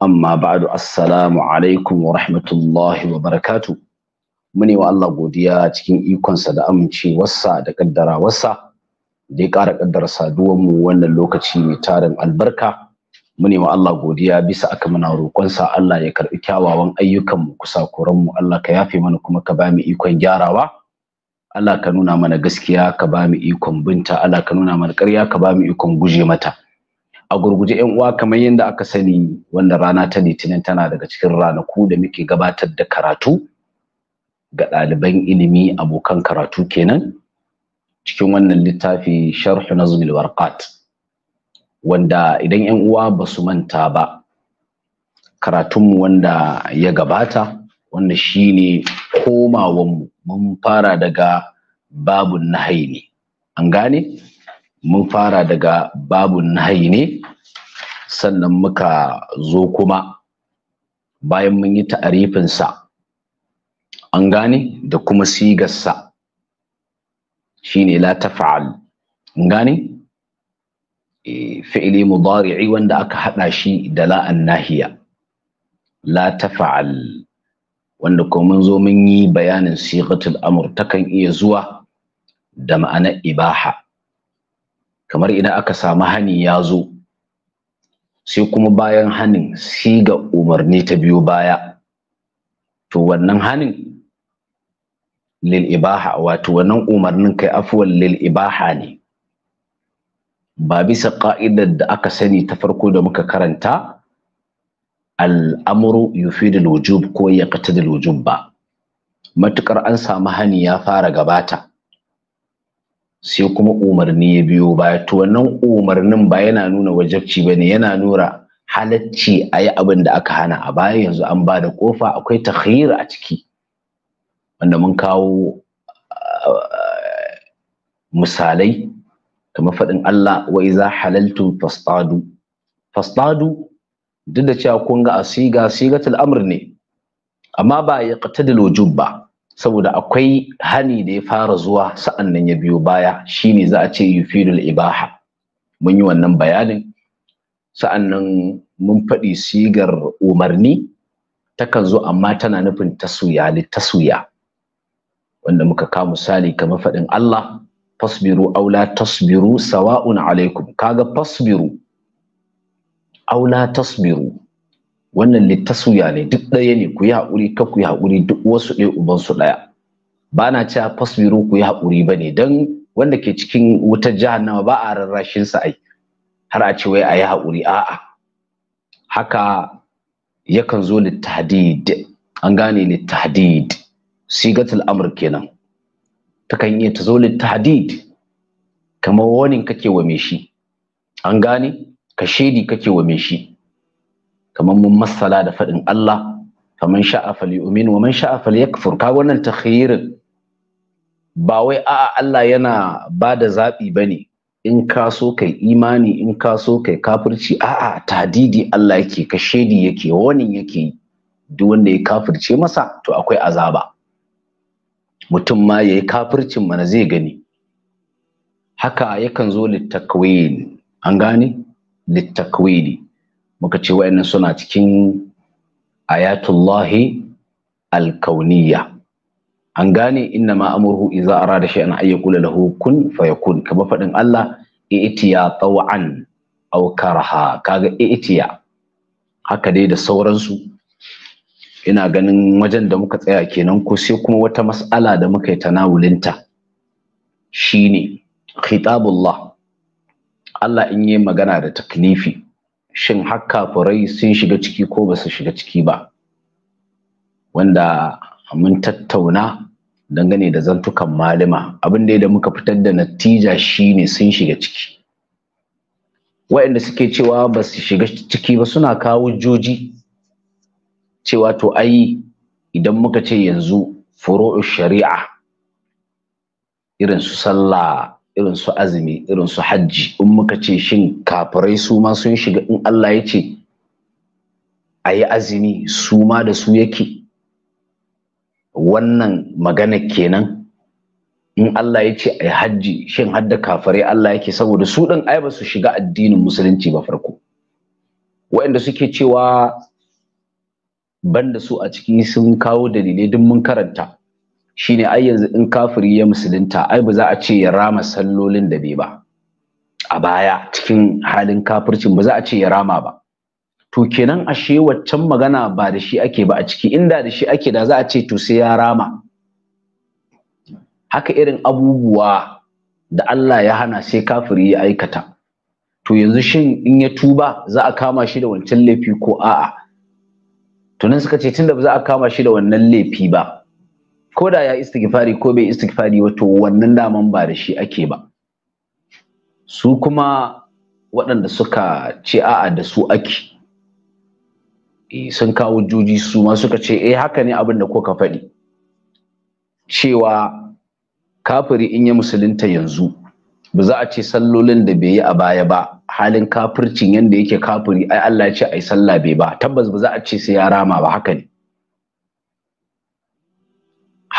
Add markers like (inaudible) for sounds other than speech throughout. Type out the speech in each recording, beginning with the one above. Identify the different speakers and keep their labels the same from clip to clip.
Speaker 1: amma ba'du assalamu alaikum wa rahmatullahi wa barakatu muni wa Allah godiya cikin ikonsa da amincewarsa da kaddarawarsa da ya ƙara kaddara mu wannan lokaci mai tarin albarka muni wa Allah godiya bisa aka muna roƙonsa Allah ya karɓi kyawawan ayyukanmu kusa kuranmu Allah ka yafe mana kuma ka ba mu ikon gyarawa Allah ka nuna mana gaskiya ka ba mu ikon binta Allah ka nuna mana ƙarya ka ba mu ikon guje mata a gurguje yan uwa kamar yadda aka sani wanda rana ta litinin tana daga cikin ranaku da muke gabatar da karatu ga ɗaliban ilimi abokan karatu kenan cikin wannan littafi sharhu nazmil warqat wanda idan yan uwa ba su manta ba karatunmu wanda ya gabata wanda shine mu mun fara daga babun na ne an gane mun fara daga babun nahayi ne sannan muka zo kuma bayan mun yi ta'arifinsa an gane da kuma sigarsa shine la tafa'al an gane eh, fi'ili mudari'i wanda aka hada shi da la'an nahiya la tafa'al wanda kuma mun zo mun yi bayanin sigatul amur takan iya zuwa da ma'anar ibaha kamar idan aka samu hani ya zo sai kuma bayan hanin siga umarni ta biyo baya to wannan hanin lil ibaha wato wannan umarnin kai afuwan lil ibaha ne ba bisa ka'idar da aka sani ta farko da muka karanta al'amuru da wujub ko da wujub ba matukar an samu hani ya fara gabata sai kuma umarni ya biyo baya to wannan umarnin ba yana nuna wajabci ba ne yana nura halacci a yi abin da aka hana a baya yanzu an ba da kofa akwai takhir a ciki wanda mun kawo eh, misalai kamar faɗin Allah wa iza halaltu fastadu fastadu duk da cewa kun ga asiga sigatul amr ne amma ba ya qatadul wujub ba saboda akwai hani da ya fara zuwa sa'an nan ya biyo baya shine za a ce yufidul ibaha mun yi wannan bayanin sa'an nan mun faɗi sigar umarni takan zo amma tana nufin tasuya li tasuya wanda muka ka misali kamar faɗin Allah fasbiru aula tasbiru sawa'un alaikum kaga fasbiru aula tasbiru wannan littasuya ne duk ɗaya ne ku yi haƙuri ka ku yi haƙuri duk wasu ɗaya uban su ɗaya ba na cewa fasbiru ku yi haƙuri ba ne don wanda ke cikin wutar jahannama ba a rarrashin sa ai har a ce wai a yi haƙuri a'a haka yakan zo littahdid an gane littahdid sigatul amr kenan takan iya ta zo littahdid kamar wani kake wa me shi an gane ka shedi kake wa me shi kamar mun masala da faɗin Allah kamar sha'a falyumin wa man sha'a yakfur ka wannan takhirin ba wai a'a Allah yana ba da zaɓi ba in ka so kai imani in ka so kai kafirci a'a tadidi Allah yake ka shedi yake wani yake duk wanda ya kafirce masa to akwai azaba mutum ma yayi kafircin mana zai gani haka yakan zo littakwini an gane littakwini muka ce wa'annan suna cikin ayatullahi alkauniya an gane inna ma amurhu ara da shi ay yaqula da kun fayakun kamar faɗin Allah i'tiya taw'an aw karaha kaga i'tiya haka dai da sauransu ina ganin wajen da muka tsaya kenan ko sai kuma wata mas'ala da muka yi tanawulinta shine khitabullah Allah in yi magana da taklifi shin har kafirai sun shiga ciki ko ba su shiga ciki ba wanda mun tattauna dangane da zantukan malima abin da muka fitar da natija shine sun shiga ciki wa'anda suke cewa ba su shiga ciki ba suna kawo joji cewa to ai idan muka ce yanzu furo shari'a irin su sallah irin su azumi irin su hajji in muka ce shin kafirai su ma sun shiga in Allah ya ce a yi azumi su ma da su yake wannan magana kenan in Allah ya ce a hajji shin hadda kafirai Allah yake saboda su ɗin ai ba su shiga addinin musulunci ba farko waɗanda suke cewa banda su a ciki sun kawo dalilai duk mun karanta shine ai yanzu in kafiri ya musulunta ai ba za a ce ya rama sallolin da bai ba a baya cikin halin kafircin ba za a ce ya rama ba to kenan ashe waccan magana ba da shi ake ba a ciki inda da shi ake da za a ce to sai ya rama haka irin abubuwa da Allah ya hana sai kafiri ya aikata to yanzu shin in ya tuba za a kama shi da wancan laifi ko a'a to nan suka ce tunda ba za a kama shi da wannan laifi ba ko da ya istighfari ko bai istighfari wato wannan daman ba da shi ake ba su kuma waɗanda suka ce a'a da su ake eh, sun kawo juji su ma suka ce eh haka ne abin da ka faɗi cewa kafiri in ya musulunta yanzu ba za a ce sallolin da bai yi a baya ba halin kafircin yadda yake kafiri ai Allah ya ce ai sallah bai ba tabbas ba za a ce sai ya rama ba haka ne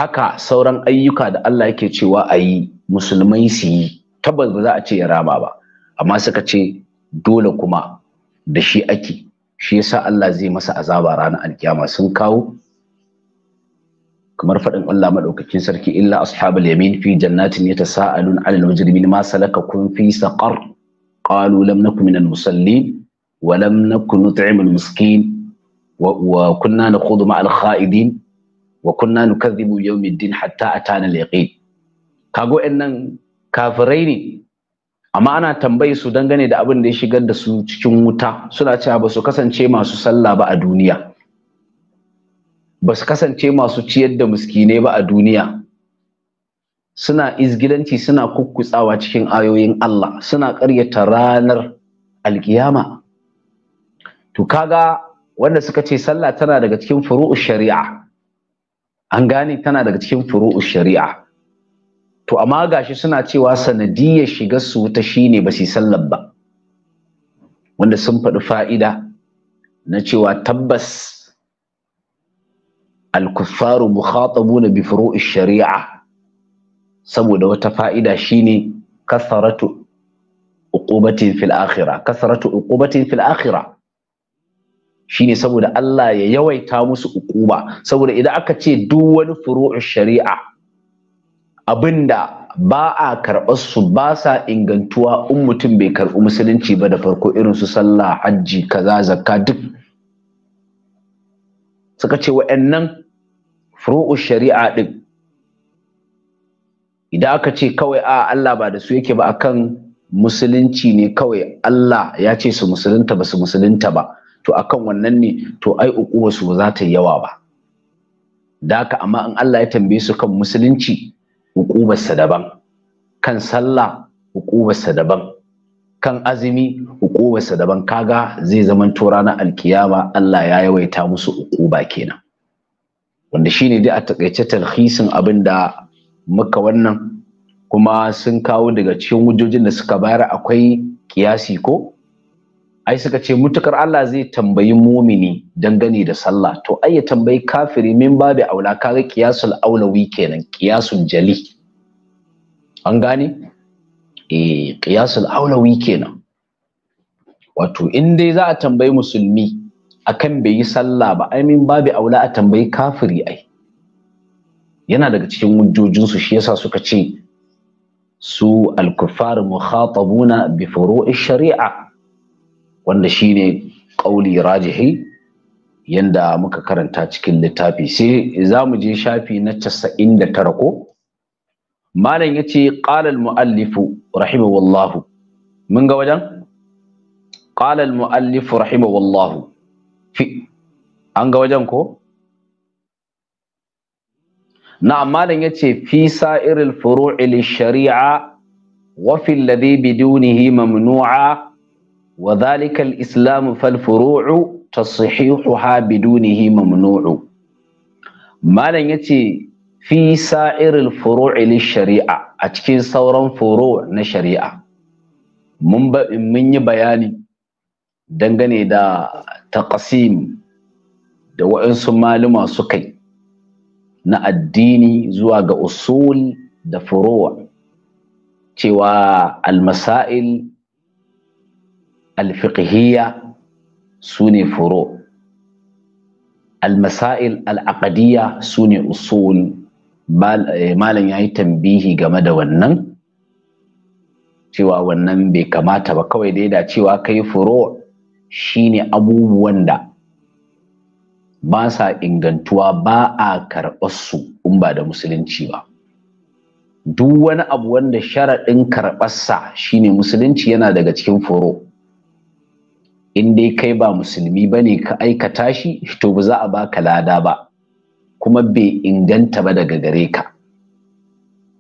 Speaker 1: haka sauran ayyuka da Allah yake cewa a yi musulmai su yi tabbas ba za a ce ya rama ba amma suka ce dole kuma da shi ake shi yasa Allah zai masa azaba ranar alkiyama sun kawo kamar faɗin Allah madaukakin sarki illa ashabul yamin fi jannatin yatasaalun 'anil mujrimin ma kun fi saqar qalu lam nakum minal musallin wa lam nakun nut'imul miskin wa kunna nakhudhu ma'al kha'idin wa kunna nukadhibu yawmiddin hatta atana al-yaqin kago nan kafirai ne amma ana tambayi su dangane da abin da ya shigar da su cikin wuta suna cewa ba su kasance masu sallah ba a duniya ba su kasance masu ciyar da muskine ba a duniya suna izgilanci suna kukkutsawa cikin ayoyin Allah suna ƙaryata ranar alkiyama to kaga wanda suka ce sallah tana daga cikin furu'u shari'a an gane tana daga cikin furu'u shari'a to amma gashi suna cewa sanadiyyar shiga su wuta shine ba su sallar ba wanda sun faɗi fa'ida na cewa tabbas al-kuffaru na bi furu'i shari'a saboda wata fa'ida shine kasaratu uqubatin fil akhirah kasaratu uqubatin fil akhirah shine saboda Allah ya yawaita musu ukuba saboda idan aka ce duk wani furu'u shari'a abinda ba a karɓar su ba sa ingantuwa in mutum bai karɓi musulunci ba da farko irin su sallah hajji kaza zakka duk suka ce wa'annan furu'u shari'a din idan aka ce kawai a Allah ba da su yake ba akan musulunci ne kawai Allah ya ce su musulunta ba su musulunta ba to akan wannan ne to ai uquwarsu ba za ta yi yawa ba da haka amma in Allah ya tambaye su kan musulunci uqubarsa daban kan sallah uqubarsa daban kan azumi uqubarsa daban kaga zai zaman to ranar alkiyama Allah ya yawaita musu uquba kenan wanda shine dai a takaice talhisin abin da muka wannan kuma sun kawo daga cikin wujojin da suka bayar akwai kiyasi ko ai suka ce mutukar Allah zai tambayi mumini dangane da sallah to ai ya tambayi kafiri min babu aula kaga qiyasul aulawi kenan qiyasul jali an gane eh qiyasul aulawi kenan wato in dai za a tambayi musulmi akan bai yi sallah ba ai min babu aula a tambayi kafiri ai yana daga cikin hujjojinsu shi yasa suka ce su al-kuffar mukhatabuna bi furu'i shari'a wanda shi shine ƙauli rajihi yadda muka karanta cikin littafi sai za mu je shafi na casa'in da tara ko malam ya ce ƙalal mu'allifu rahimahullahu mun ga wajen ƙalal mu'allifu rahimahullahu fi an ga wajen ko na'am malam ya ce fi sa'iril furu'i shari'a wa fi alladhi bidunihi mamnu'a wa dhalika al-islam fal furu'u tasihihuha bidunihi mamnu'u malam yace fi sa'iril furu'i shari'a a cikin sauran furu' na shari'a mun ba mun yi bayani dangane da taqsim da waɗansu maluma suka na addini zuwa ga usul da furuwa cewa almasail alfiqhiyya su ne furo almasail al'aqadiyya su ne usul malam ya yi tambihi game da wannan cewa wannan bai kamata ba kawai dai da cewa kai furo shine abubuwan da ba sa ingantuwa ba a karɓarsu in ba da musulunci ba duk wani abu wanda sharaɗin karɓarsa shine musulunci yana daga cikin furo in dai kai ba musulmi ba ne ka aikata shi to ba za a baka lada ba kuma bai inganta ba daga gare ka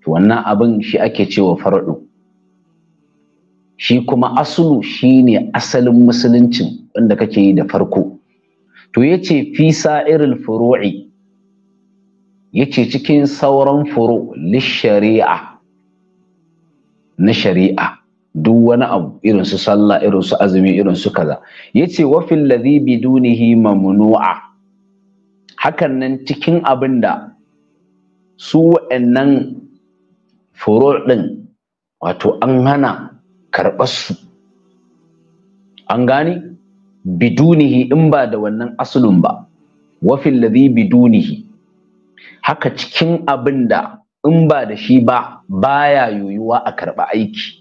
Speaker 1: wannan abin shi ake cewa faradu shi kuma asulu ne asalin musuluncin wanda kake yi da farko to yace fi sa'iril furu'i yace cikin sauran furu shari'a na shari'a duk wani abu irin su sallah irin su azumi irin su kaza yace wa fil ladhi bidunihi mamnu'a hakan nan cikin abin da su wa'annan furu din wato an hana karɓar su an gani bidunihi in ba da wannan asulun ba wa fil ladhi bidunihi haka cikin abin in ba da shi ba baya yoyuwa a karɓa aiki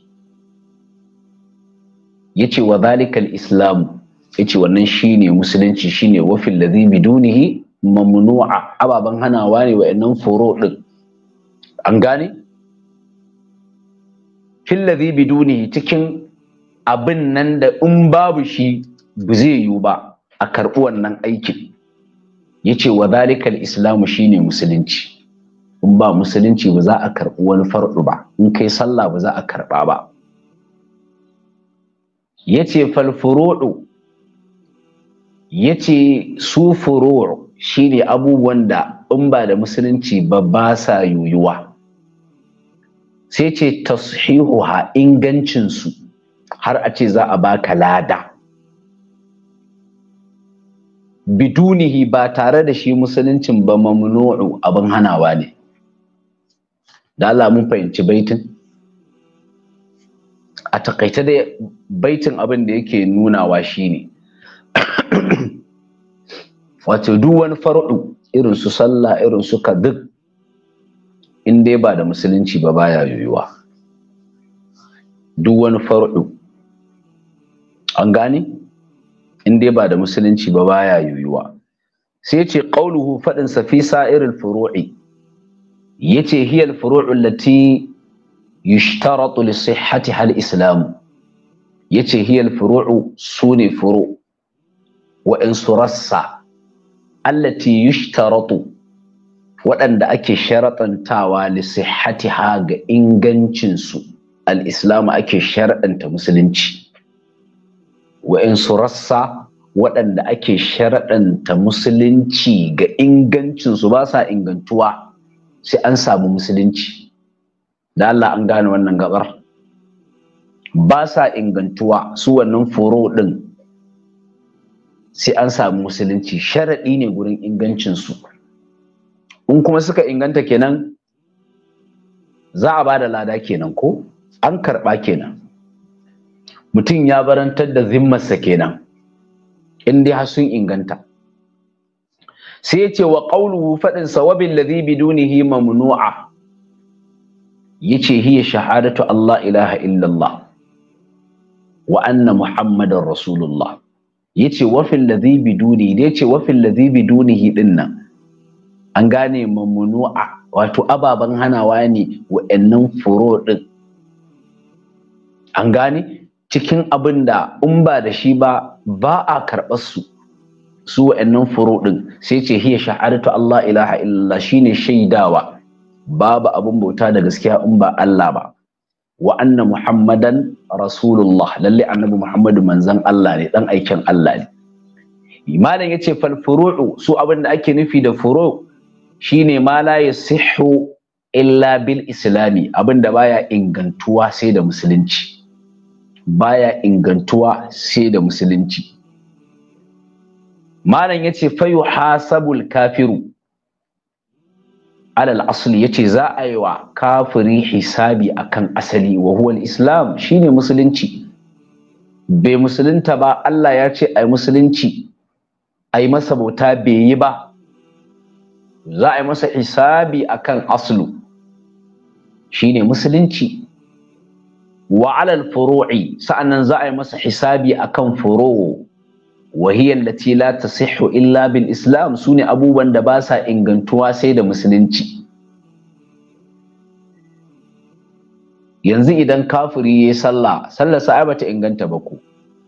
Speaker 1: yace wa zalikal islam yace wannan shine musulunci shine wafin ladhi bidunihi mamnu'a Ababen hanawa ne wa'annan furo din an gane fil ladhi bidunihi cikin abin nan da in babu shi ba zai yiwu ba a karɓi wannan aikin yace wa zalikal islamu shine musulunci in ba musulunci ba za a karɓi wani farɗu ba in kai sallah ba za a karɓa ba yace fal furu'u yace su furu' shine abubuwan da in ba da musulunci ba ba sa yuyuwa sai ce tashihuha ingancin su har a ce za a baka lada bidunihi ba tare da shi musuluncin ba mamnu'u abin hanawa ne da Allah mun fahimci baitin a taƙaita dai baitin abin da yake nunawa shine wato duk wani far'u irin su sallah irin su duk in dai ba da musulunci ba baya yiwuwa duk wani far'u an gane in dai ba da musulunci ba baya yiwuwa sai ce qauluhu faɗinsa sa fi sa'iril furu'i yace hiyal furu'u lati yushtaratu li sihhati hal islam yace hiyal furu'u sune furu wa in surassa allati yushtaratu waɗanda ake sharaɗantawa li sihhatiha ga ingancinsu al-islam ake sharaɗanta musulunci wa in surassa waɗanda ake sharaɗanta musulunci ga ingancinsu ba sa ingantuwa sai an samu musulunci da Allah an gane wannan gabar ba sa ingantuwa su wannan furo din sai an samu musulunci sharaɗi ne gurin ingancinsu in kuma suka inganta kenan za a ba lada kenan ko an karɓa kenan mutum ya barantar da zimmar sa kenan in dai har sun inganta sai ya ce wa ƙauluhu faɗin sawabin ladhi bidunihi mamnu'a yace hiya shahadatu Allah ilaha illallah wa anna muhammadar rasulullah yace fil ladhi biduni yace wa fil ladhi bidunihi dinnan an gane mamnu'a wato ababan hanawa ne wa'annan furo din an gane cikin abin da in ba da shi ba ba a karɓar su su wa'annan furo din sai ce hiya shahadatu Allah ilaha illallah shine shaidawa babu abun bauta da gaskiya in ba Allah ba wa anna muhammadan rasulullah lalle annabi muhammadu manzan Allah ne dan aikin Allah ne malam yace fal furu'u su abin da ake nufi da furu shine ma la illa bil islami abin da baya ingantuwa sai da musulunci baya ingantuwa sai da musulunci malam yace fayuhasabul kafiru alal asli yace za a yi wa kafiri hisabi akan asali wa islam shine musulunci bai musulunta ba Allah ya ce ai musulunci ai masa bauta bai yi ba za a yi masa hisabi akan aslu shine musulunci wa alal furu'i sa'annan za a yi masa hisabi akan furu wahiyar da lati ta sihu illa bil islam sune abubuwan da ba sa ingantuwa sai da musulunci yanzu idan kafiri ya sallah sallar ba bata inganta ba ko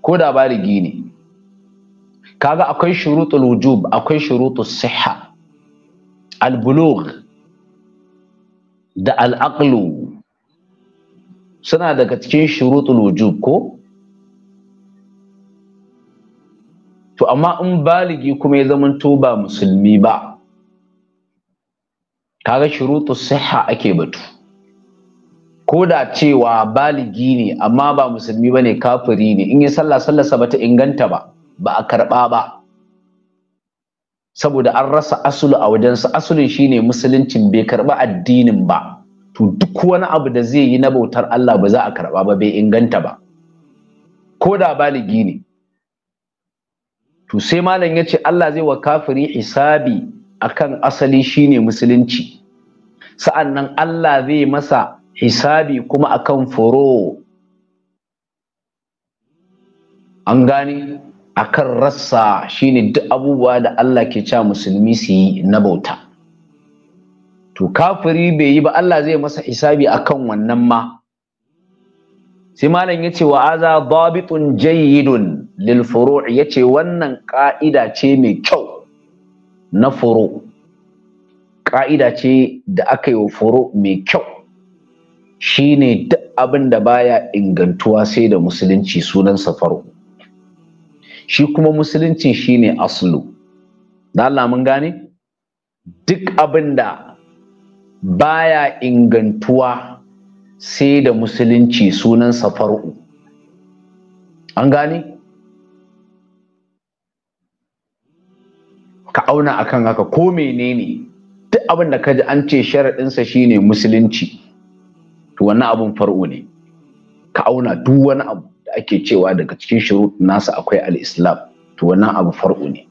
Speaker 1: ko da ba rigi ne kaga akwai shurutul wujub akwai shurutus siha, al bulugh da al aqlu suna daga cikin shurutul wujub ko to amma in baligi kuma ya zamanto ba musulmi ba kaga shurutu siha ake batu ko da cewa baligi ne amma ba musulmi ba ne kafiri ne in ya sallah sallarsa ba ta inganta ba ba a karɓa ba saboda an rasa asulu a wajensa asulin shine musuluncin bai karba addinin ba to duk wani abu da zai yi na bautar Allah ba za a karba ba bai inganta ba ko da baligi ne to sai malam ya ce Allah zai wa kafiri hisabi akan asali shine musulunci sa'annan Allah zai masa hisabi kuma akan furo an gane akan rassa shine duk abubuwa da Allah ke cewa musulmi su yi na bauta to kafiri bai yi ba Allah zai masa hisabi akan wannan ma sai malam ya yace wa aza dabitun jayyidun lil furu' ce wannan ka'ida ce mai kyau na furu' ka'ida ce da aka yi wa furu' mai kyau shine duk abin da baya ingantuwa sai da musulunci sunan safaru shi kuma musulunci shine aslu da Allah mun gane duk abin da baya ingantuwa sai da musulunci sunansa far'u an gane ka auna akan haka ko menene duk abin da kaji an ce sharaɗinsa shine musulunci to wannan abin far'u ne ka auna duk wani abu da ake cewa daga cikin shurut nasa akwai al-islam to wannan abu far'u ne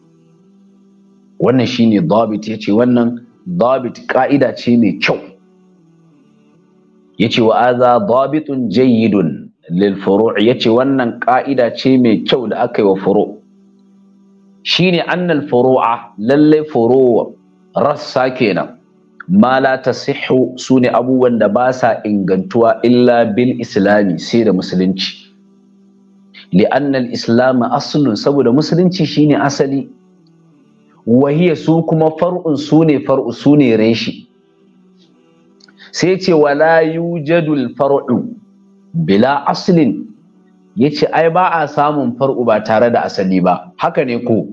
Speaker 1: wannan shine dabit yace wannan dabit ka'ida ce mai kyau yace wa aza dabitun jayyidun lil furu' yace wannan ka'ida ce mai kyau da aka yi wa furu' shine annal furu'a lalle furu' rassa kenan ma la tasihhu sune abubuwan da ba sa ingantuwa illa bil islami sai da musulunci li'anna al-islam aslun saboda musulunci shine asali wahiya su kuma far'un sune far'u sune reshi sai ce wala yujadul far'u bila aslin yace ai ba a samun far'u ba tare da asali ba haka ne ko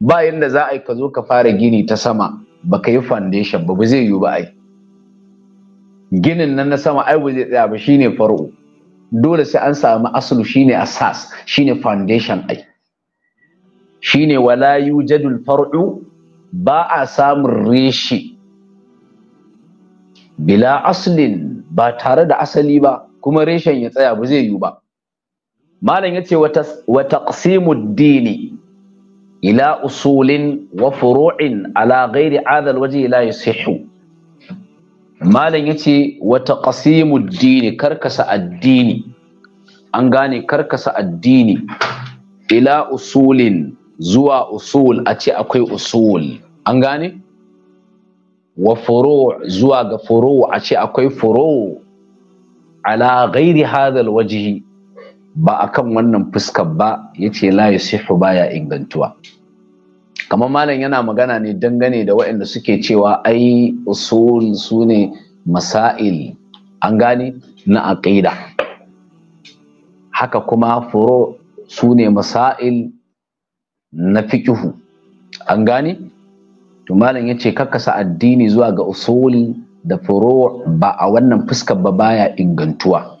Speaker 1: ba yanda za a yi ka zo ka fara gini ta sama baka yi foundation ba ba zai yiwu ba ai ginin nan na sama ai ba tsaya ba shine far'u dole sai an samu aslu shine asas shine foundation ai shine wala yujadul far'u ba a samun reshe bila aslin ba tare da asali ba kuma reshen ya tsaya ba zai yiwu ba malam ya ce dini ila usulin wa furu'in ala ghairi adal waje la yasihu malam ya ce wa dini karkasa addini an gane karkasa addini ila usulin zuwa usul a ce akwai usul an gane wa furu zuwa ga furu a ce akwai furu ala ghairi hadal wajihi ba a kan wannan fuskar ba yace la ba baya ingantuwa kamar malam yana magana ne dangane da waɗanda suke cewa ai usul su ne masail an gane na aqida haka kuma furo su ne masail na fikihu an gane to malam ya ce kakkasa addini zuwa ga usuli da furo ba a wannan fuskar ba baya ingantuwa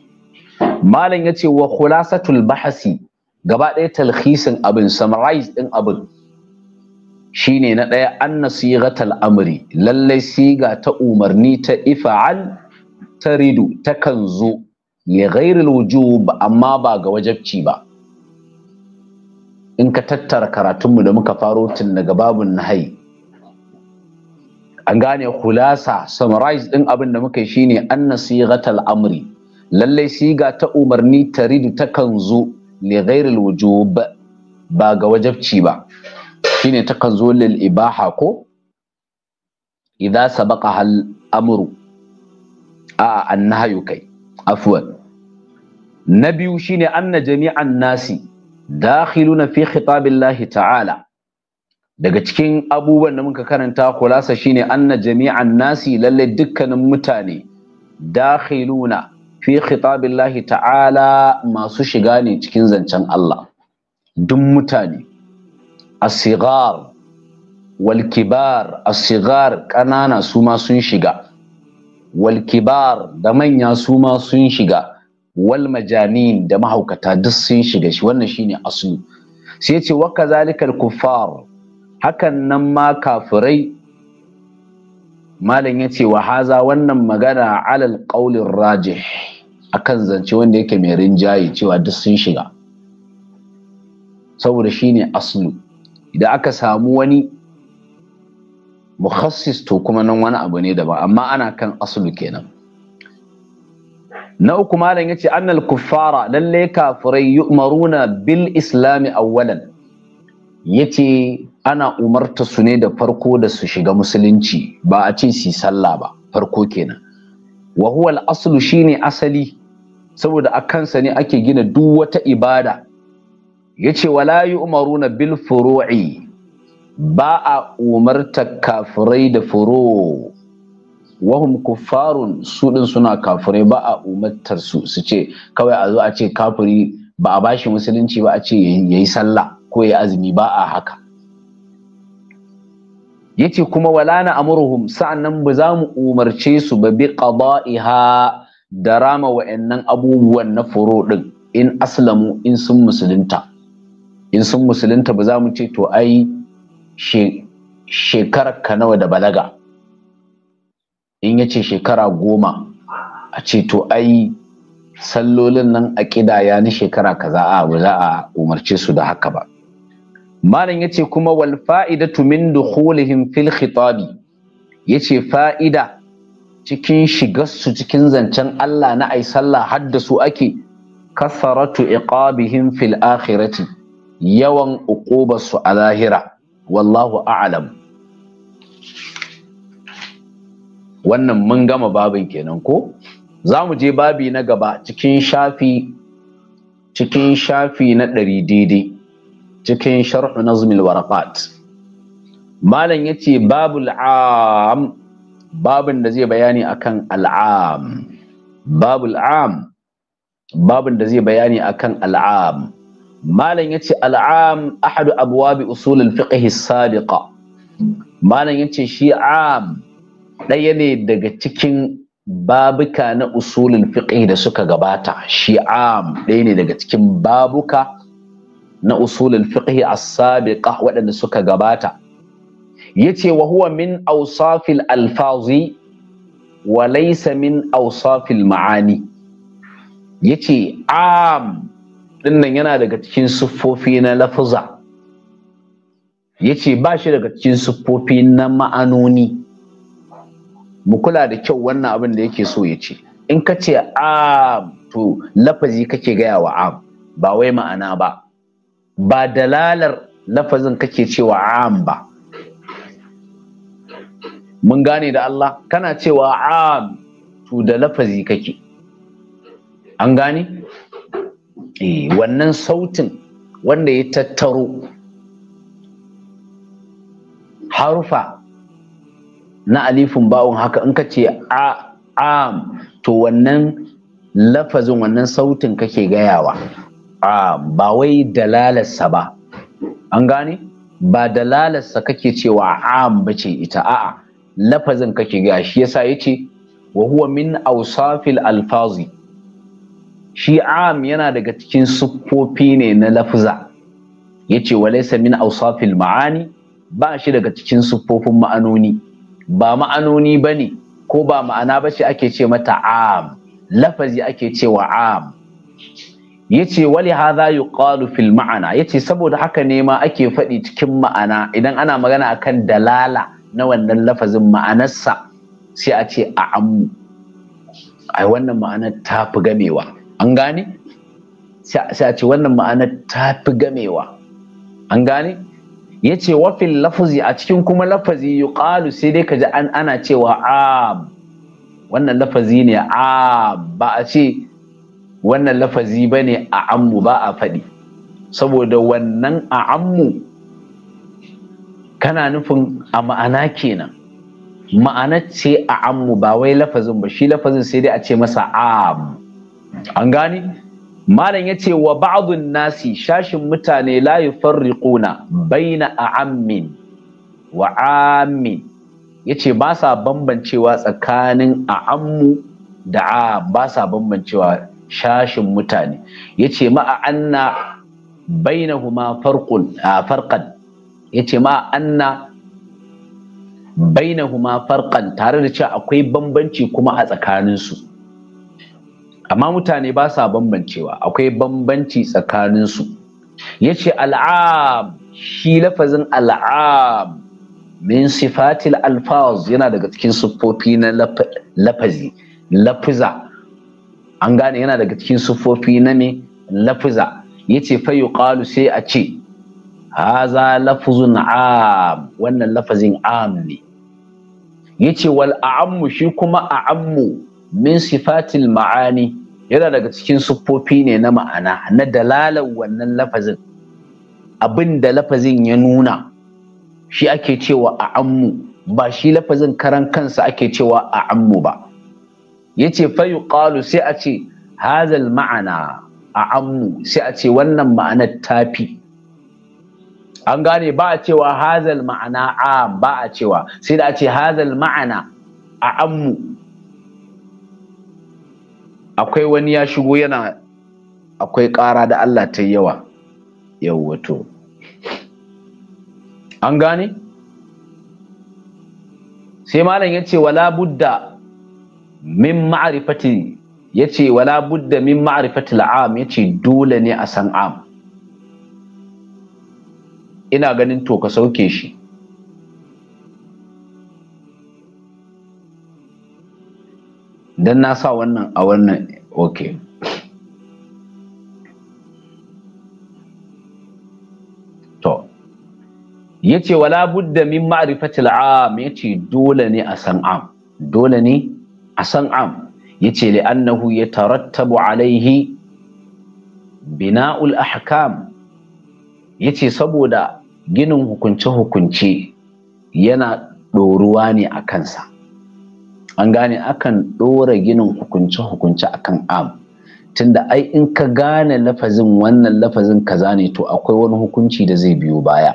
Speaker 1: malam ya ce wa khulasatul bahasi gaba ɗaya talhisin abin summarize ɗin abin shine na ɗaya An na sighatal amri lallai siga ta umarni ta ifa'al ta ridu ta kan zo ya ghairil ba amma ba ga wajabci ba in ka tattara karatunmu da muka faro tun daga babun hai an gane khulasa summarize din abin da muka yi shine anna sighatal amri lallai siga ta umarni taridu takan zo li ghairil wujub ba ga wajabci ba shine takan zo lil ibaha ko idza sabaqa hal amru a annahyu kai afwan na biyu shine anna jami'an nasi dakhiluna fi khitabillahi ta'ala daga cikin abubuwan da muka karanta kulasa shine anna jami'an nasi lalle dukkanin mutane dakhiluna fi khitabillahi ta'ala masu shiga ne cikin zancen Allah duk mutane asigar wal kibar asigar kanana su ma sun shiga wal kibar da manya su ma sun shiga wal majanin da mahaukata duk sun shiga shi wannan shine aslu sai ya ce wa kazalikal kuffar hakan nan ma kafirai malam ya ce wa haza wannan magana alal ƙaunin rajih akan zance wanda yake mai rinjaye cewa duk sun shiga saboda shine aslu idan aka samu wani mukhassis to kuma nan wani abu ne daban amma ana kan aslu kenan na uku malam yace annal kuffara lalle kafirai yu'maruna bil islami awwalan yace ana umarta su ne da farko da su shiga musulunci ba a ce su sallah ba farko kenan wa huwa al-aslu shine asali saboda a kansa ne ake gina duk wata ibada yace wala yu'maruna bil furu'i ba a umarta kafirai da furu wahum kuffarun su din suna kafirai ba a umartar su su ce kawai a zo a ce kafiri ba a bashi musulunci ba a ce yayi sallah ko yayi azumi ba a haka yace kuma Walana na amuruhum sa'annan ba za mu umarce su ba bi qada'iha da rama wa'annan abubuwan na furo din in aslamu in sun musulunta in sun musulunta ba za mu ce to ai shekarar ka nawa da balaga in yace shekara goma a ce to ai sallolin nan a ya na shekara kaza a ba za a umarce su da haka ba malam yace kuma wal fa'idatu min dukhulihim fil khitabi yace fa'ida cikin shigarsu cikin zancen Allah na ai sallah hadda su ake kasaratu iqabihim fil akhirati yawan su a lahira wallahu a'lam wannan mun gama babin kenan ko za mu je babi na gaba cikin shafi cikin shafi na ɗari daidai cikin sharh nazmil waraqat malam yace babul am babin da zai bayani akan al'am babul am babin da zai bayani akan al'am malam yace al'am ahadu abwabi usul al-fiqh as-sabiqa malam yace shi am ɗaya ne daga cikin babuka na usulul fiqh da suka gabata shi am ɗaya ne daga cikin babuka na usulul fiqh as-sabiqa waɗanda suka gabata yace wa huwa min awsafil alfazi wa laysa min awsafil ma'ani yace am dinnan yana daga cikin siffofi na lafuza yace ba shi daga cikin siffofi na ma'anoni mu kula da kyau wannan abin da yake so yace in ka ce am to lafazi kake gaya wa am ba wai ma'ana ba ba dalalar lafazin kake cewa am ba mun gane da Allah kana cewa am to da lafazi kake an gane eh wannan sautin wanda ya tattaro harufa na alifin bawon haka in ka ce a am to wannan lafazin wannan sautin kake gayawa a ba wai dalalarsa ba an gane ba dalalarsa kake cewa am bace ita a'a lafazin kake ga shi yasa yace wa huwa min awsafil alfazi shi am yana daga cikin siffofi ne na lafza yace wa laysa min awsafil ma'ani ba shi daga cikin siffofin ma'anoni ba ma'anoni bane ko ba ma'ana ba bace ake ce mata am lafazi ake cewa am yace wali hadha yuqalu fil ma'ana yace saboda haka ne ma ake faɗi cikin ma'ana idan ana magana akan dalala na wannan lafazin ma'anarsa sai a ce a ammu ai wannan ma'anar ta fi gamewa an gane sai a ce wannan ma'anar ta fi gamewa an gane ya ce wafin lafazi a cikin kuma lafazi yi ƙalu sai dai ka ji an ana cewa ab wannan lafazi ne ab ba a ce wannan lafazi ba ne a ammu ba a faɗi saboda wannan a ammu kana nufin a ma'ana kenan ma'ana ce a ammu ba wai lafazin ba shi lafazin sai dai a ce masa am an gane malam ya ce wa ba'adun nasi shashin mutane la yufarriquna baina Ammin, wa amin ce ba sa bambancewa tsakanin a'ammu da a ba sa bambancewa shashin mutane yace ma'a anna bainahuma farqan ce ma'a anna bainahuma tare da cewa akwai bambanci kuma a tsakaninsu amma mutane ba sa bambancewa akwai bambanci tsakaninsu yace al'am shi lafazin al'am min sifatil alfaz yana daga cikin siffofi na lafazi lafiza an gane yana daga cikin sufofi na me lafiza yace fa yuqalu sai a ce haza lafuzun am wannan lafazin am ne yace wal a'ammu shi kuma a'ammu min sifatil ma'ani yana daga cikin siffofi ne na ma'ana na dalalar wannan lafazin abin da lafazin ya nuna shi ake cewa a'ammu ba shi lafazin karan kansa ake cewa a'ammu ba yace fa yuqalu sai a ce hazal ma'ana a ammu sai a ce wannan ma'anar tafi an gane ba a cewa hazal ma'ana a ba a cewa sai da a ce hazal ma'ana a ammu akwai wani ya shigo yana akwai ƙara da Allah ta yawa yawwato an gane sai malam ya ce wala budda min ma'arifati ya ce, wala budda min ma'arifati la'am ya ce dole ne a san am ina ganin to ka sauke shi don na sa wannan a wannan ok to yace wala budda min ma'arifati la'am ya ce dole ne a san am dole ne a am ya ce li'annahu ya tarattabu alaihi bina'ul ahkam ya ce saboda ginin hukunce-hukunce yana ɗoruwa ne a kansa an gane akan ɗora ginin hukunce-hukunce akan am tunda ai in ka gane lafazin wannan lafazin kaza ne to akwai wani hukunci da zai biyo baya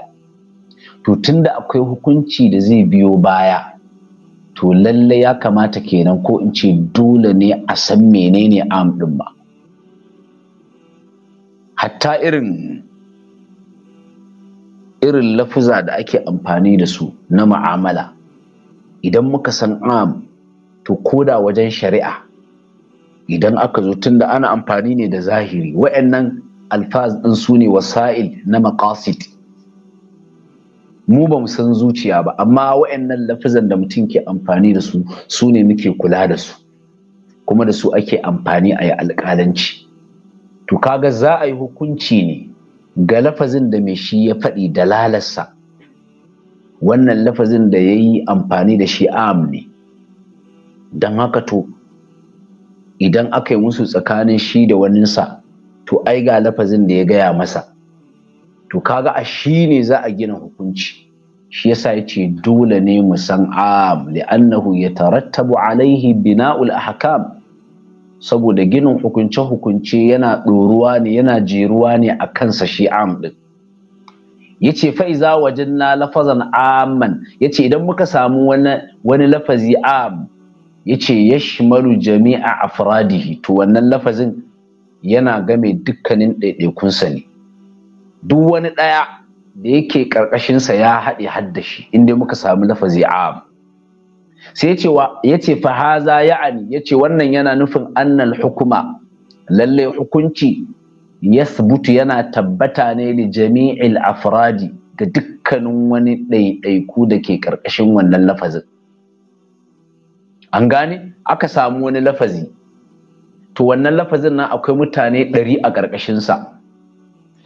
Speaker 1: to tunda akwai hukunci da zai biyo baya to lalle ya kamata kenan ko in ce dole ne a san menene am ɗin ba hatta irin irin lafuza da ake amfani da su na ma'amala idan muka san am to koda wajen shari'a idan aka zo tunda ana amfani ne da zahiri wa'annan alfaz ɗin su ne wasa'il na maqasid mu ba mu san zuciya ba amma wa'annan lafazan da mutum ke amfani da su su ne muke kula da su kuma da su ake amfani a yi alƙalanci to kaga za a yi hukunci ne ga lafazin da mai shi ya faɗi dalalarsa wannan lafazin da ya yi amfani da shi am ne don haka to idan aka yi musu tsakanin shi da waninsa to ai ga lafazin da ya gaya masa to kaga a shi ne za a gina hukunci shi yasa ya ce dole ne mu san am li'annahu ya tarattabu alaihi bina'ul ahkam saboda ginin hukunce-hukunce yana ɗoruwa ne yana jeruwa ne a kansa shi am ɗin ya ce fa'iza wajen na lafazan amman ya ce idan muka samu wani lafazi am ya ce ya shimaru jami'a afradihi to wannan lafazin yana game dukkanin ɗaiɗaikunsa ne duk wani ɗaya da yake ƙarƙashinsa ya haɗe haddashi inda muka samu lafazi am sai cewa ya ce haza ya'ani yace wannan yana nufin annal hukuma lallai hukunci yasbutu yana tabbata ne li jami'il afradi ga dukkanin wani ɗaiɗaiku da ke ƙarƙashin wannan lafazin an gane aka samu wani lafazi to wannan lafazin nan akwai mutane ɗari a ƙarƙashinsa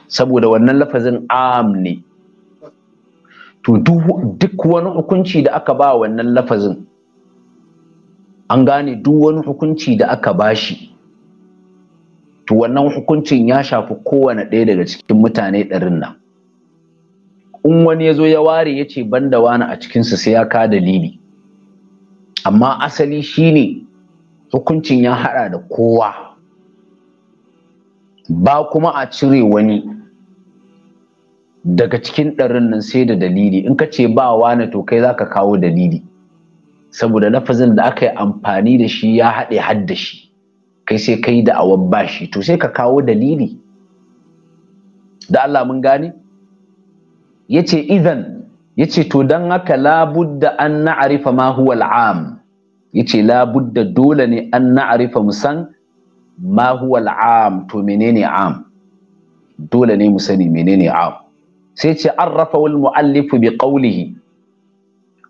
Speaker 1: saboda wannan lafazin am ne to duk wani hukunci da aka ba wannan lafazin an gane duk wani hukunci da aka ba shi to wannan hukuncin ya shafi kowane ɗaya daga cikin mutane ɗarin nan in wani ya zo ya ware ya ce banda wani a cikinsu sai ya ka dalili amma asali shine hukuncin ya haɗa da kowa ba kuma a cire wani daga cikin ɗarin nan sai da dalili in ka ce ba wani to kai zaka kawo dalili saboda lafazin da aka yi amfani da shi ya haɗe hadda shi kai sai kai da awan bashi to sai ka kawo dalili da Allah mun gane yace idan ce to don haka labudda an na'arifa ma huwa al'am yace labudda dole ne an na'arifa musan ma huwa al'am to menene am dole ne mu sani menene am sai ce arrafa wal mu'allifu bi qawlihi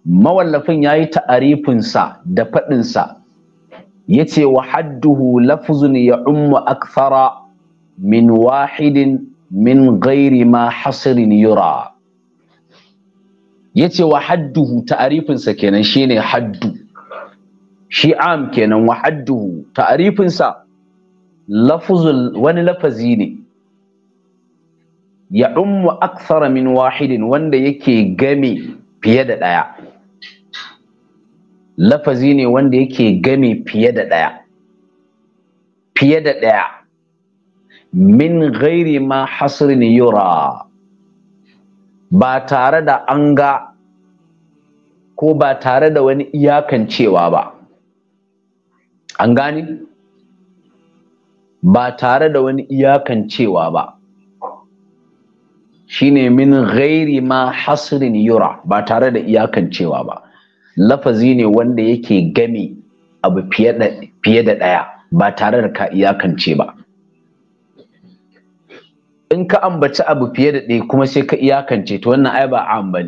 Speaker 1: mawallafin yayi ta'arifin sa da fadin sa yace wa hadduhu lafzun ya ummu akthara min wahidin min ghairi ma hasrin yura yace wa hadduhu ta'arifin sa kenan shine haddu shi am kenan wa hadduhu ta'arifin sa lafzul wani lafazi ne ya ɗummu aksara min wahidin wanda yake game fiye da ɗaya lafazi ne wanda yake game fiye da ɗaya fiye da ɗaya min ghairi ma hasrin yura ba tare da an ga ko ba tare da wani iyakancewa ba an gani ba tare da wani iyakancewa ba shine min ghairi ma hasrin yura ba tare da iyakancewa ba lafazi ne wanda yake game abu fiye da ɗaya ba tare da ka iyakance ba in ka ambaci abu fiye da ɗaya kuma sai ka iyakance to wannan ai ba am ba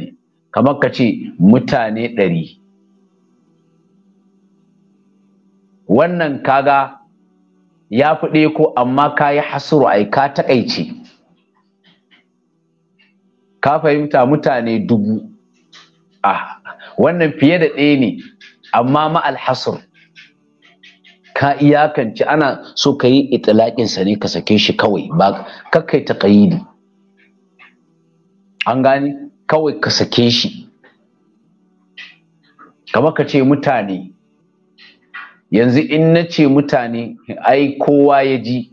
Speaker 1: kamar ka ce mutane ɗari wannan kaga ya fi ɗaya ko amma ka yi hasuru ai ka taƙaice ka fahimta mutane dubu ah wannan fiye da ɗaya ne amma ma alhasur ka iyakance ana so ka yi itilaƙin ne ka sake shi kawai ba kakkai taqayidi an gane kawai ka sake shi Kama ka ce mutane yanzu in na ce mutane ai kowa ya ji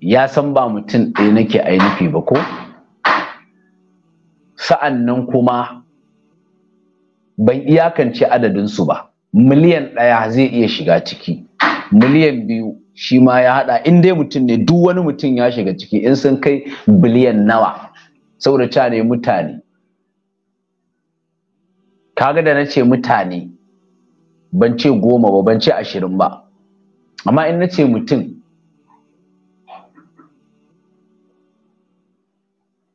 Speaker 1: ya san ba mutum ɗaya nake ai ba ko sa'annan kuma ban iyakance adadinsu ba miliyan ɗaya zai iya shiga ciki miliyan biyu shi ma ya haɗa in dai mutum ne duk wani mutum ya shiga ciki in sun kai biliyan nawa saboda ca ne mutane kaga da na ce mutane ban ce goma ba ban ce ashirin ba amma in na ce mutum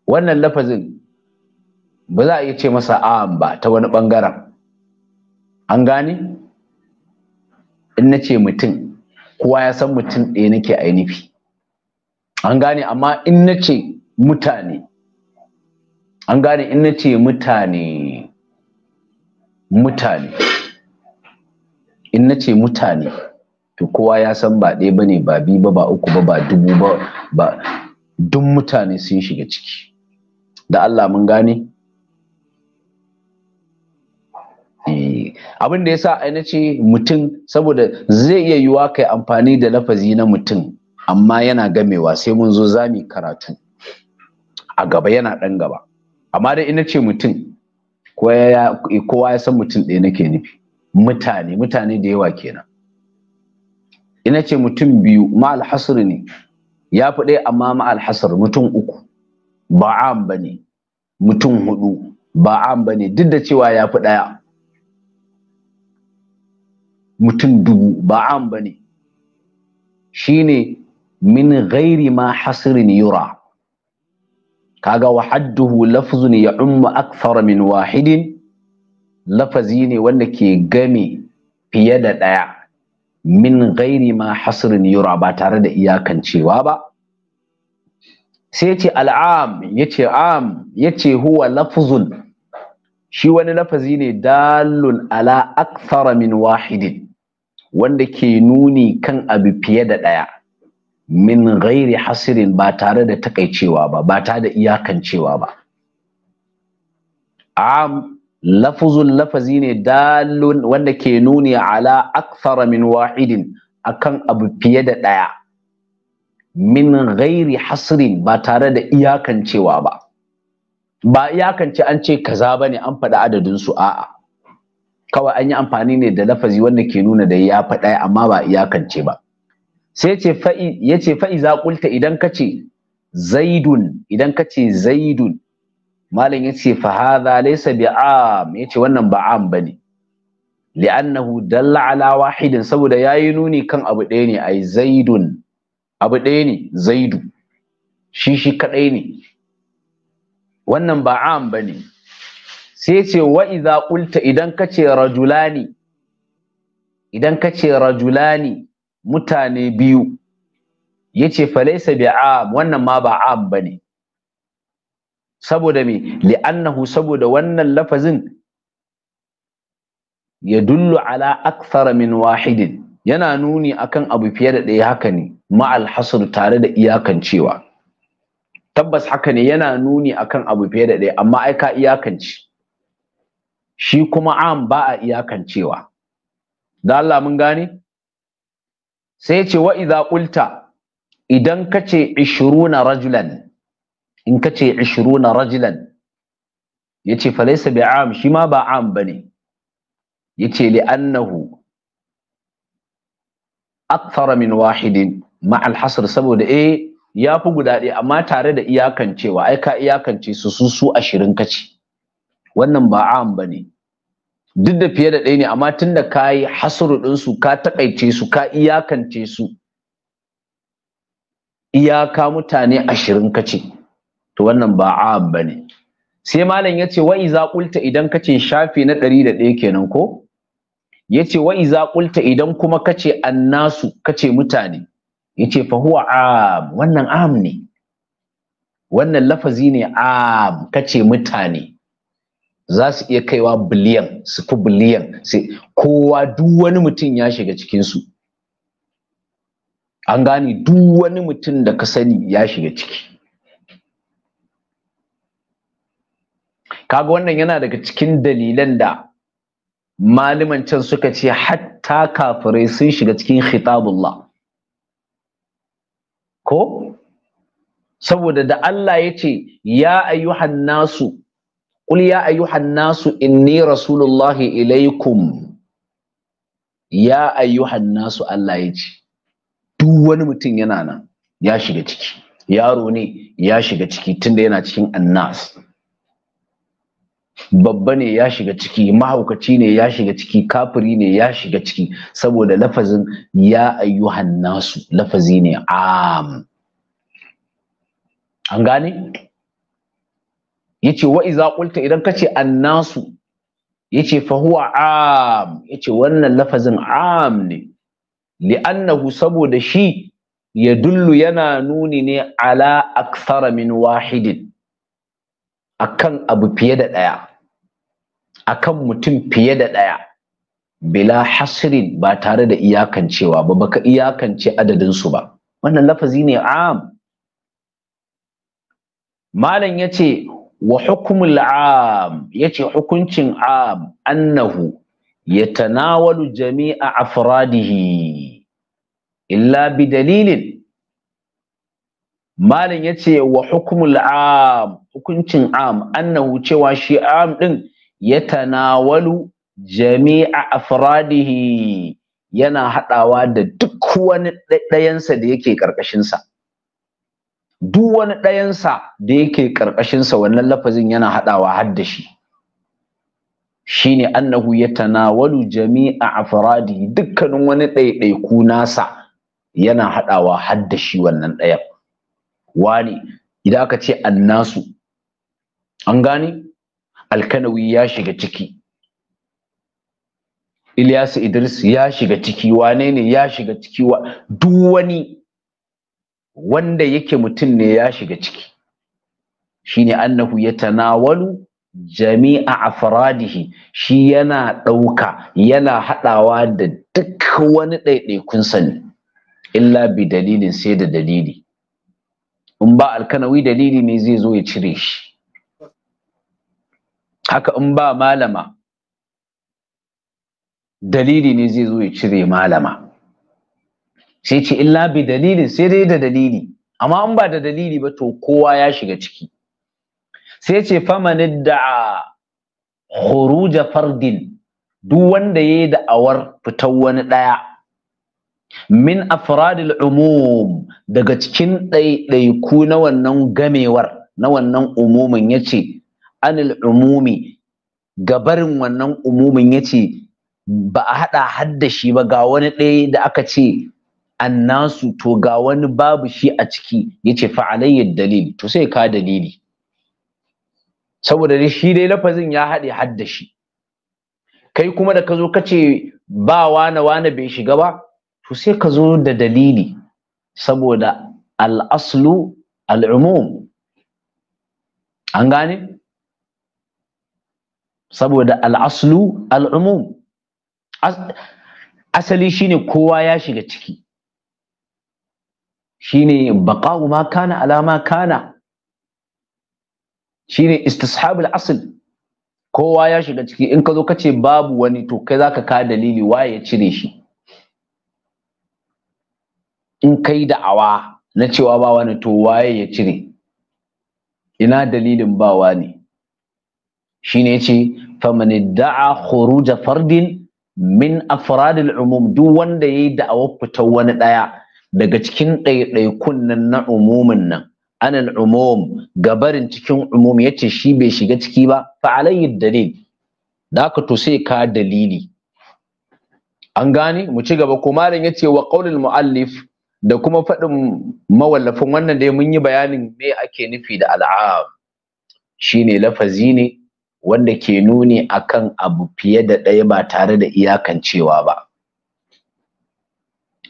Speaker 1: wannan lafazin ba za a iya ce masa a'an ba ta wani ɓangaren an gane in na ce mutum kowa ya san mutum ɗaya nake ainihi an gane amma in na ce mutane an gane in na ce mutane mutane in na ce mutane to kowa ya san ba ɗaya ba ne ba biyu ba ba uku ba ba dubu ba ba duk mutane sun shiga ciki da Allah mun gane Eh, abin da ya sa ce mutum saboda zai iya yiwa kai amfani da lafazi na mutum amma yana gamewa sai mun zo zami karatu a gaba yana ɗan gaba amma dai ina ce mutum kowa ya san mutum ɗaya nake nufi mutane mutane da yawa kenan ina ce mutum biyu ma alhasr ne ya fi ɗaya amma ma alhasr mutum uku baam bane ba ne mutum hudu ba am ba ne duk da cewa ya fi ɗaya mutum dubu ba am ba ne shine min ghairi ma hasirin yura kaga wa hadduhu ne ya umma akthara min wahidin lafazi ne wanda ke game fiye da ɗaya min ghairi ma hasirin yura ba tare da iyakancewa ba sai ce al'am ya ce am ya ce huwa lafzun shi wani lafazi ne dalun ala akthara min wahidin wanda ke nuni kan abu fiye da ɗaya min ghairi hasirin ba tare da takaicewa ba ba tare da iyakancewa ba am lafuzun lafazi ne dalun wanda ke nuni ala akthara min wahidin akan abu fiye da ɗaya min ghairi hasirin ba tare da iyakancewa ba ba iyakance an ce kaza bane an faɗi adadin su a'a kawai an yi amfani ne da lafazi wanda ke nuna da ya faɗa amma ba iyakance ba sai ce fa'i ya ce fa'i za kulta idan ka ce zaidun idan ka ce zaidun malam ya ce fa hadha laysa bi'am ya ce wannan ba ba bane li'annahu dalla ala wahidin saboda yayi nuni kan abu ɗaya ne ai zaidun abu ɗaya ne zaidu shi shi kadai ne wannan ba ba bane sai ce wa idza qulta idan kace rajulani idan kace rajulani mutane biyu yace falaysa bi'am wannan ma ba am bane saboda me li'annahu saboda wannan lafazin dullu ala akthara min wahidin yana nuni akan abu fiye da ɗaya haka ne ma'al hasr tare da iyakancewa tabbas haka ne yana nuni akan abu fiye da ɗaya amma ai ka iyakance shi kuma am ba a iyakancewa da Allah mun gane sai ce wa idza qulta idan kace 20 rajulan in kace 20 rajulan yace bi am shi ma ba am bane yace annahu akthara min wahidin ma al-hasr saboda eh ya fi guda amma tare da iyakancewa ai ka iyakance su su su ashirin kace wannan ba am ba ne duk da fiye da ɗaya ne amma tun da ka yi hasuru ka taƙaice su ka iyakance su iyaka mutane ashirin ka ce to wannan ba am ba ne sai malam ya ce wa iza idan ka ce shafi na ɗari da ɗaya kenan ko ya ce wa iza idan kuma ka ce annasu ka ce mutane ya ce fa huwa am wannan am ne wannan lafazi ne am ka ce mutane za su iya kaiwa biliyan su fi biliyan sai kowa duk wani mutum ya shiga cikinsu an gane duk wani mutum da ka sani ya shiga ciki kaga wannan yana daga cikin dalilan da maliman can suka ce hatta kafirai sun shiga cikin khitabullah ko saboda da Allah ya ce ya ayyuhan nasu qul ya ayyuhan nasu inni rasulullahi ilaikum ya ayyuhan nasu Allah ya ce duk wani mutum yana nan ya shiga ciki yaro ne ya shiga ciki tunda yana cikin annas babba ne ya shiga ciki mahaukaci ne ya shiga ciki kafiri ne ya shiga ciki saboda lafazin ya ayyuhan nasu lafazi ne am an gane yace wa iza qulta idan kace annasu yace fa huwa am yace wannan lafazin am ne li'annahu saboda shi ya dullu yana nuni ne ala akthara min wahidin akan abu fiye da ɗaya akan mutum fiye da ɗaya bila hasrin ba tare da iyakancewa ba baka iyakance su ba wannan lafazi ne am malam yace wa hukumul am yace hukuncin am annahu yatanawalu jami'a afradihi illa bi dalilin malin yace wa hukumul am annahu cewa shi am din yatanawalu jami'a afradihi yana haɗawa da duk wani ɗayansa da yake ƙarƙashinsa duk wani ɗayansa da yake ƙarƙashinsa wannan lafazin yana haɗawa har da shi shine annahu ya tanawalu jami'a afradi dukkanin wani ɗaiɗaiku nasa yana haɗawa har da shi wannan ɗayan wani idan aka ce annasu an gane alkanawi ya shiga ciki Ilyasu Idris ya shiga ciki wane ne ya shiga ciki wa duk wani wanda yake mutum ne ya shiga ciki shine annahu yatanawalu jami'a afradihi shi yana ɗauka yana haɗawa da duk wani ɗaiɗaikun sani illa bi dalilin sai da dalili in ba alkanawi dalili ne zai zo ya cire shi haka in ba malama dalili ne zai zo ya cire malama sai ce illa bi dalilin sai dai da dalili amma an ba da dalili ba to kowa ya shiga ciki sai ce famanid da'a huruja fardin duk wanda yayi da'awar fitar wani ɗaya. min afradil umum daga cikin ɗaiɗaiku na wannan gamewar na wannan umumin yace anil umumi gabarin wannan umumin yace ba a hada hadda shi ba ga wani ɗaya da aka ce annasu to ga wani babu shi a ciki yace fa alayya dalil to sai ka dalili saboda shi dai lafazin ya haɗe hadda shi kai kuma da ka zo ka ce ba wane wane bai shiga ba to sai ka zo da dalili saboda al'aslu al'umum an gane saboda al'aslu al'umum asali shine kowa ya shiga ciki shine baqa'u ma kana alama kana shine istishabul asl kowa ya shiga ciki in ka zo ka ce babu wani to kai zaka ka dalili waye ya cire shi in kai da'awa na cewa ba wani to waye ya cire ina dalilin ba wani shine yace faman da'a khuruj fardin min afradil umum duk wanda yayi da'awar fitar wani daya daga cikin ɗaiɗaikun nan na umumin nan anan umum gabarin cikin umum yace shi bai shiga ciki ba fa alayhi dalil da ka to sai ka dalili an gane mu ci gaba ko malam yace wa qaulul muallif da kuma faɗin mawallafin wannan dai mun yi bayanin me ake nufi da al'am shine lafazi ne wanda ke nuni akan abu fiye da ɗaya ba tare da iyakancewa ba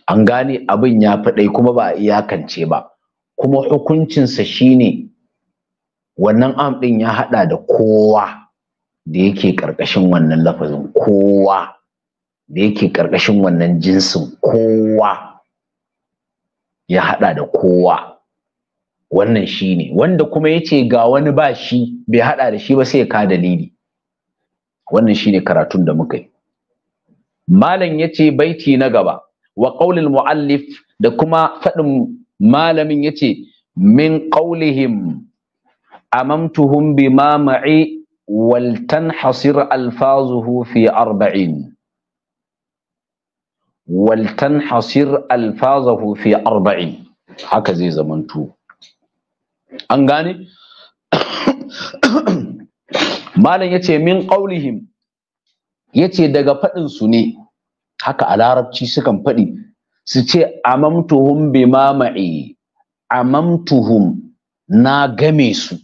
Speaker 1: an gane abin ya fi ɗai kuma ba a iyakance ba kuma hukuncinsa shine wannan am ɗin ya haɗa da kowa da yake ƙarƙashin wannan lafazin kowa da yake ƙarƙashin wannan jinsin kowa ya haɗa da kowa wannan shine wanda kuma ya ce ga wani ba shi bai haɗa da shi ba sai ka dalili wannan shine karatun da muka yi malam ya ce baiti na gaba wa ƙaulin muallif da kuma fadin malamin yace min qaulihim amamtuhum bima ma'i wal tanhasir alfazuhu fi arba'in wal tanhasir alfazuhu fi arba'in haka zai zamantu an gane (coughs) malam yace min ya yace daga faɗinsu su ne haka a larabci sukan faɗi su ce amamtuhum bi mama'i amamtuhum na game su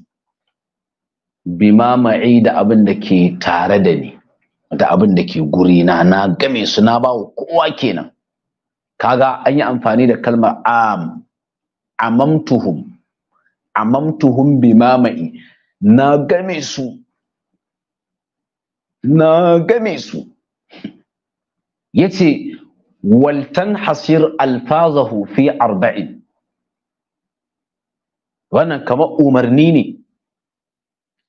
Speaker 1: bi mama'i da abin da ke tare da ni da abin da ke guri na na game su na bawa kowa kenan kaga an yi amfani da kalmar am amamtuhum amamtuhum bi mama'i na game su na game su yace wal hasir alfazahu fi arba'in wannan kamar umarni ne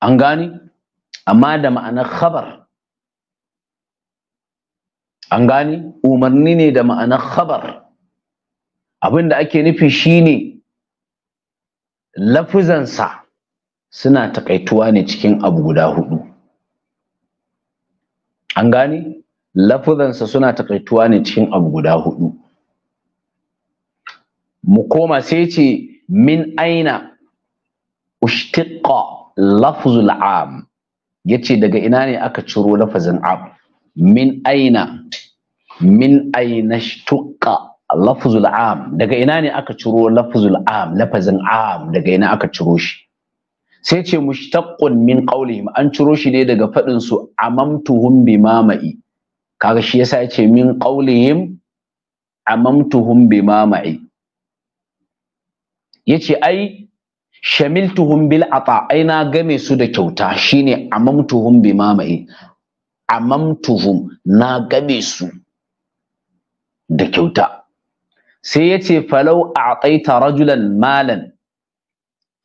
Speaker 1: an gane amma da ma'anar khabar an umarni ne da ma'anar khabar abinda ake nufi shine lafizansa suna takaituwa ne cikin abu guda hudu an gane lafuzansa suna takaituwa ne cikin abu guda hudu mu koma sai ce min aina ushtiqa lafzul am yace daga ina ne aka ciro lafazin am min aina min aina shtuqa lafzul am daga ina ne aka ciro lafzul am lafazin am daga ina aka ciro shi sai ce mushtaqqun min qawlihim an ciro shi ne daga faɗin su amamtuhum bimama'i kaga shi yasa yace min qaulihim amamtuhum bima ma'i yace ai shamiltuhum bil ata ai na game su da kyauta shine amamtuhum bima ma'i amamtuhum na game su da kyauta sai yace falau a'taita rajulan malan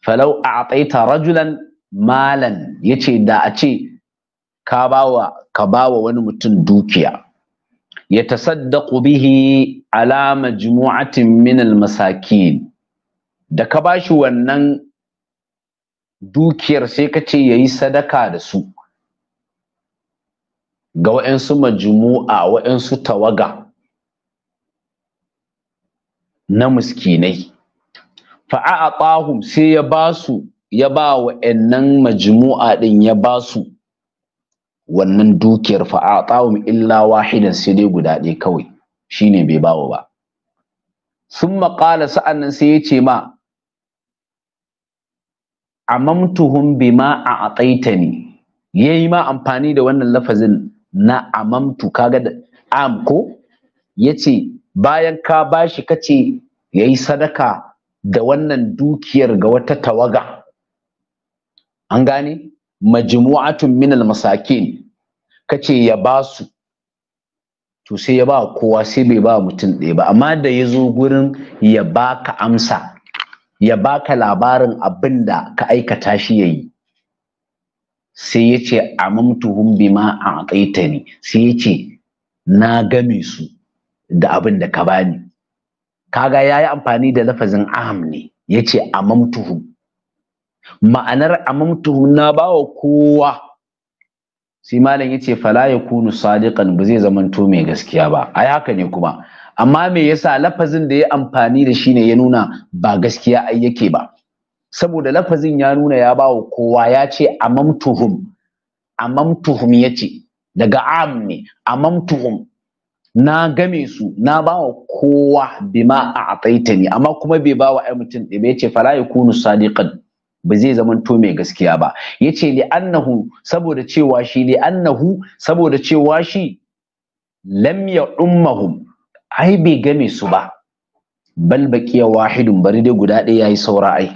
Speaker 1: falau a'taita rajulan malan yace da a ce ka bawa ka bawa wani mutum dukiya ya tasaddaku bihi ala majmu'atin min al da ka ba shi wannan dukiyar sai ka ce yayi sadaka da su ga wa'yansu majmu'a wa'ansu tawaga na miskinai fa'a'atahum sai ya basu ya ba wa'annan majmu'a din ya ba su. wannan dukiyar fa tsawon illa wahidan sai dai guda ɗaya kawai shine bai bawa ba sun maƙala sa'an nan sai ya ce ma amamtuhum bima a ne. ya yi ma amfani da wannan lafazin na amamtu kaga da am ko ya ce bayan ka bashi kace ya yi sadaka da wannan dukiyar ga wata tawaga an gane majmu'atun minal masakin kace ya su to sai ya ba kowa sai bai ba mutum ɗaya ba amma da ya zo gurin ya baka amsa ya baka labarin abin da ka aikata shi ya yi sai ya ce amamtuhum bima a ni sai ya ce na game su da abin da ka bani kaga ya yi amfani da lafazin aham ne ya ce amamtuhum ma'anar amamtuhu na bawa kowa sai malam yace fala yakunu sadiqan ba zai zamanto mai gaskiya ba ai haka ne kuma amma me yasa lafazin da ya amfani da shi ne ya nuna ba gaskiya ai yake ba saboda lafazin ya nuna ya bawa kowa ya ce amamtuhum amamtuhum yace daga am ne amamtuhum na game su na bawa kowa bima a ataitani amma kuma bai bawa ai mutum ɗaya ba yace fala yakunu sadiqan ba zai zama zamanto mai gaskiya ba yace li annahu saboda cewa shi li annahu saboda cewa shi lam ya ummahum ai bai game su ba bal baqiya wahidun bari dai guda ɗaya yayi saura ai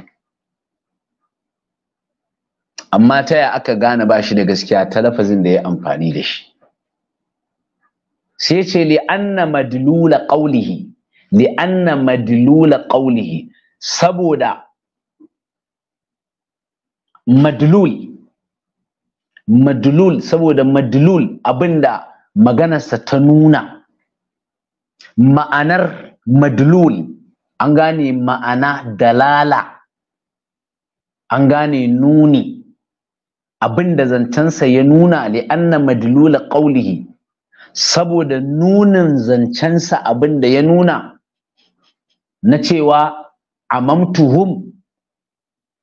Speaker 1: amma ta ya aka gane ba shi da gaskiya ta lafazin da ya amfani da shi sai ce li anna madlula qawlihi li anna madlula qawlihi saboda madlul madlul saboda madlul abinda maganarsa ta nuna ma'anar madlul an gane ma'ana dalala an gane nuni abinda zancensa ya nuna li'anna madlula qawlihi saboda nunin zancensa abinda ya nuna na cewa amamtuhum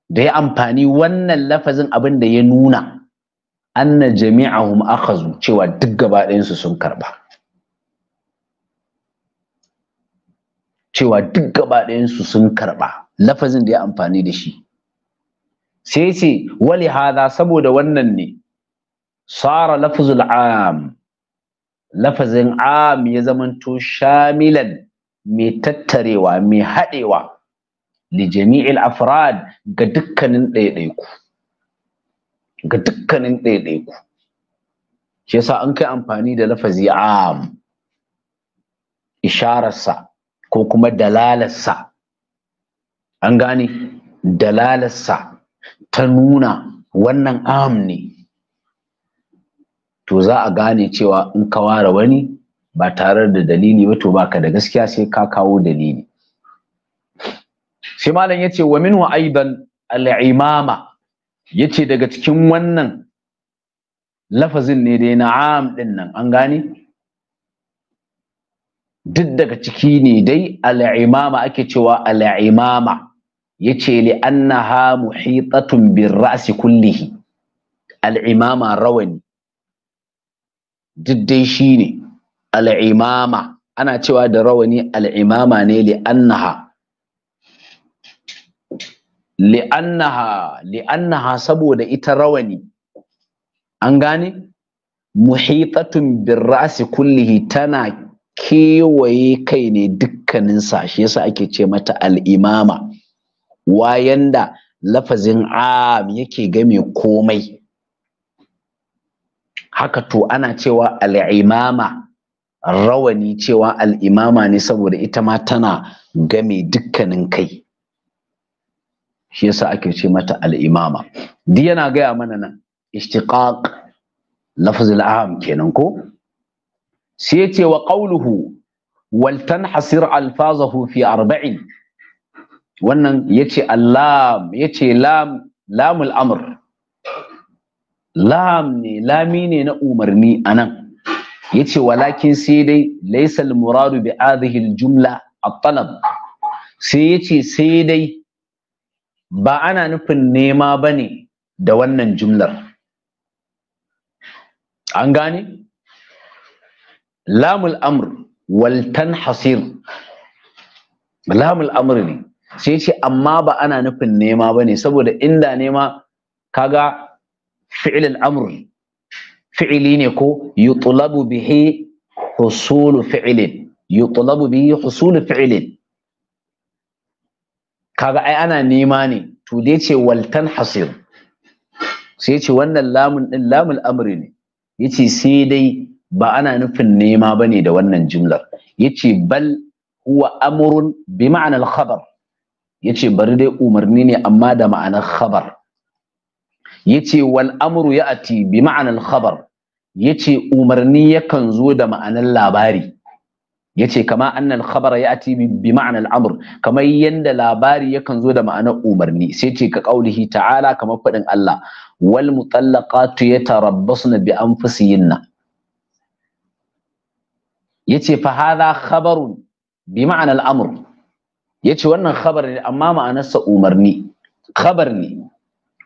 Speaker 1: da ya amfani wannan lafazin abin da ya nuna anna jami'ahum akhazu cewa duk gaba sun karba cewa duk gaba sun karba lafazin da ya amfani da shi sai ce wali hada saboda wannan ne sara lafazul am lafazin am ya zamanto shamilan mai tattarewa mai haɗewa li jami'il afrad ga dukkanin ɗaiɗaiku ga dukkanin shi yasa an kai amfani da lafazi am ishararsa ko kuma dalalarsa an gane dalalarsa ta nuna wannan am ne to za a gane cewa in ka ware wani ba tare da dalili ba to baka da gaskiya sai ka kawo dalili sai malam yace wa minhu aidan al-imama yace daga cikin wannan lafazin ne dai na'am din nan an gane duk daga ciki ne dai al-imama ake cewa al-imama yace li annaha muhitatun bir kullihi al-imama rawani duk dai shine al-imama ana cewa da rawani al-imama ne li annaha li'annaha li'annaha saboda ita rawani an gane muhitatun birrasi kullihi tana kewaye kai ne dukkanin sa shi yasa ake ce mata al'imama wayan da lafazin am yake game komai haka to ana cewa al'imama rawani cewa al'imama ne saboda ita ma tana game dukkanin kai shi yasa ake ce mata al-imama duk yana gaya mana nan ishtiqaq lafz al-am kenan ko sai yace wa qawluhu wal tanhasir alfazahu fi arba'in wannan yace allam yace lam lamul amr lam ne lami ne na umarni anan yace walakin sai dai laysa al muradu bi hadhihi al jumla at-talab sai yace sai dai ba ana nufin nema ba ne da wannan jumlar an gane lamul amr waltan hasir lamul amr ne sai ce amma ba ana nufin nema ba ne saboda inda nema kaga fi'ilin amr fi'ili ne ko yutlabu bihi husulu fi'ilin yutlabu bihi husulu fi'ilin kaga ai ana nema ne to da yace waltan hasir sai ce wannan lamun din lamul amri ne yace sai dai ba ana nufin nema bane da wannan jumlar yace bal huwa amrun bi ma'anar khabar yace bari dai umarni ne amma da ma'anar khabar yace wal amru ya'ti bi ma'anar khabar yace umarni yakan zo da ma'anar labari yace kama annal khabar ya'ti bi ma'anar Amur, kamar yadda labari yakan zo da ma'anar umarni sai ce ka qaulihi ta'ala kamar faɗin Allah wal mutallaqatu yatarabbasna bi anfusihinna yace fa hadha khabarun bi ma'na al yace wannan khabar ne amma ma'anarsa umarni khabar ne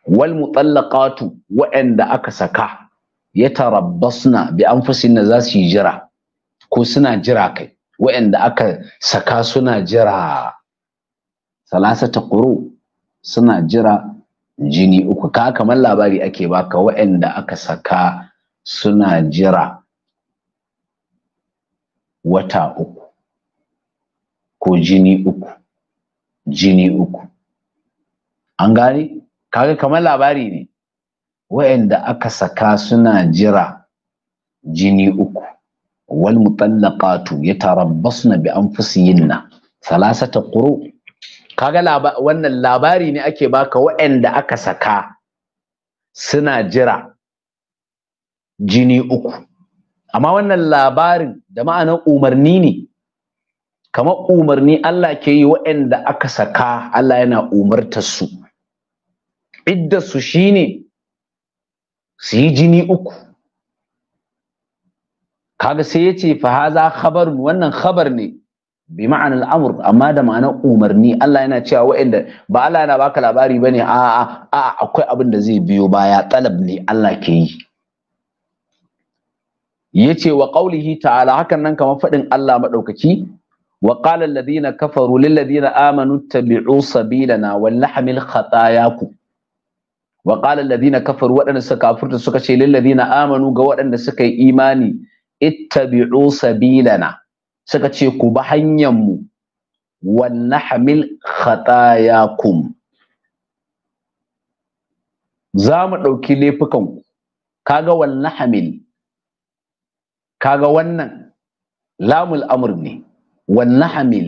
Speaker 1: wal mutallaqatu wa'anda aka saka yatarabbasna bi anfusihinna za su jira ko suna jira kai wa'anda aka saka suna jira salasata quru suna jira jini uku ka kamar labari ake baka wa'anda aka saka suna jira wata uku ko jini uku jini uku an gane kaga kamar labari ne wa'anda aka saka suna jira jini uku wal mutallaqatu yatarabbasna bi anfusihinna salasata quru kaga wannan labari ne ake baka waɗanda aka saka suna jira jini uku amma wannan labarin da ma'anar umarni ne kamar umarni Allah ke yi waɗanda aka saka Allah yana umarta su Idda su shine su yi jini uku kaga sai ya ce fa haza khabarun wannan khabar ne bi ma'anar al'amur amma da ma'anar umarni Allah yana cewa wa'anda ba Allah yana baka labari bane a a akwai abin da zai biyo baya talab ne Allah ke yi yace wa qaulihi ta'ala hakan nan kamar fadin Allah madaukaki wa qala alladhina kafaru lil ladina amanu tabi'u sabilana wal nahmil khatayakum wa qala alladhina kafaru wadanda suka kafirta suka ce lil ladina amanu ga wadanda suka yi imani ittabi'u sabilana suka ce ku bi hanyar mu wan khatayakum za mu ɗauki laifukanku kaga wan kaga wannan lamul amr ne wan nahmil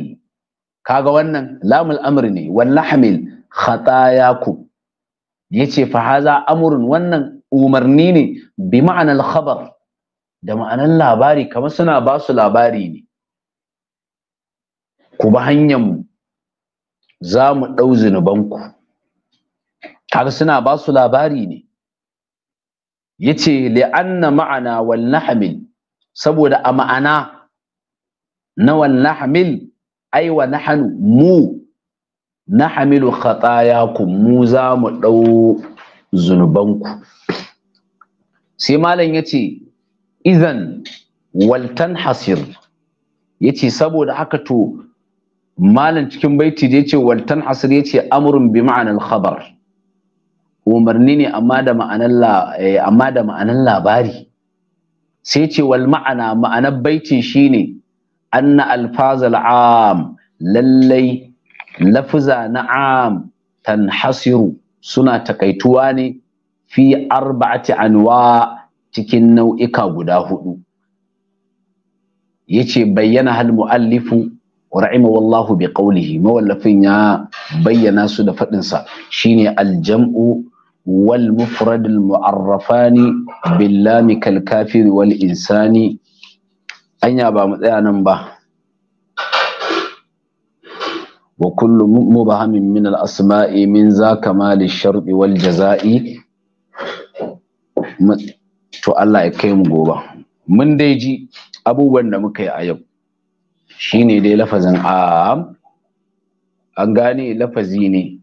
Speaker 1: kaga wannan lamul amr ne wan nahmil khatayakum yace fa haza wannan umarni ne bi ma'anar khabar da ma'anan labari kamar suna ba su labari ne ku bi hanyarmu za mu ɗau zunubanku kaga suna ba su labari ne yace li'anna ma'ana wal hamil? saboda a ma'ana na wal nahmil ai wa nahnu mu nahmilu ku mu za mu ɗau zunubanku sai malam yace Izan waltan hasir ya ce saboda haka to malam cikin baiti da ya ce waltan hasir ya ce amurin bi ma'anar khabar umarni ne amma da ma'anar eh, labari sai ce wal ma'ana ma'anar baitin shine anna alfazal am lallai lafuza na am hasiru suna takaituwa ne fi arba'ati anwa' cikin nau'ika guda hudu yace bayyana hal muallifu wallahu bi qawlihi mawallafin ya bayyana su da faɗinsa. sa shine aljam'u wal mufrad mu'arrafani Billamikal lam wal insani anya ba mu tsaya nan ba wa kullu mubahamin min al asma'i min za kamal al shar'i wal jaza'i to Allah ya kai mu gobe mun dai ji abubuwan da muka yi a yau shine dai lafazin a an gane lafazi ne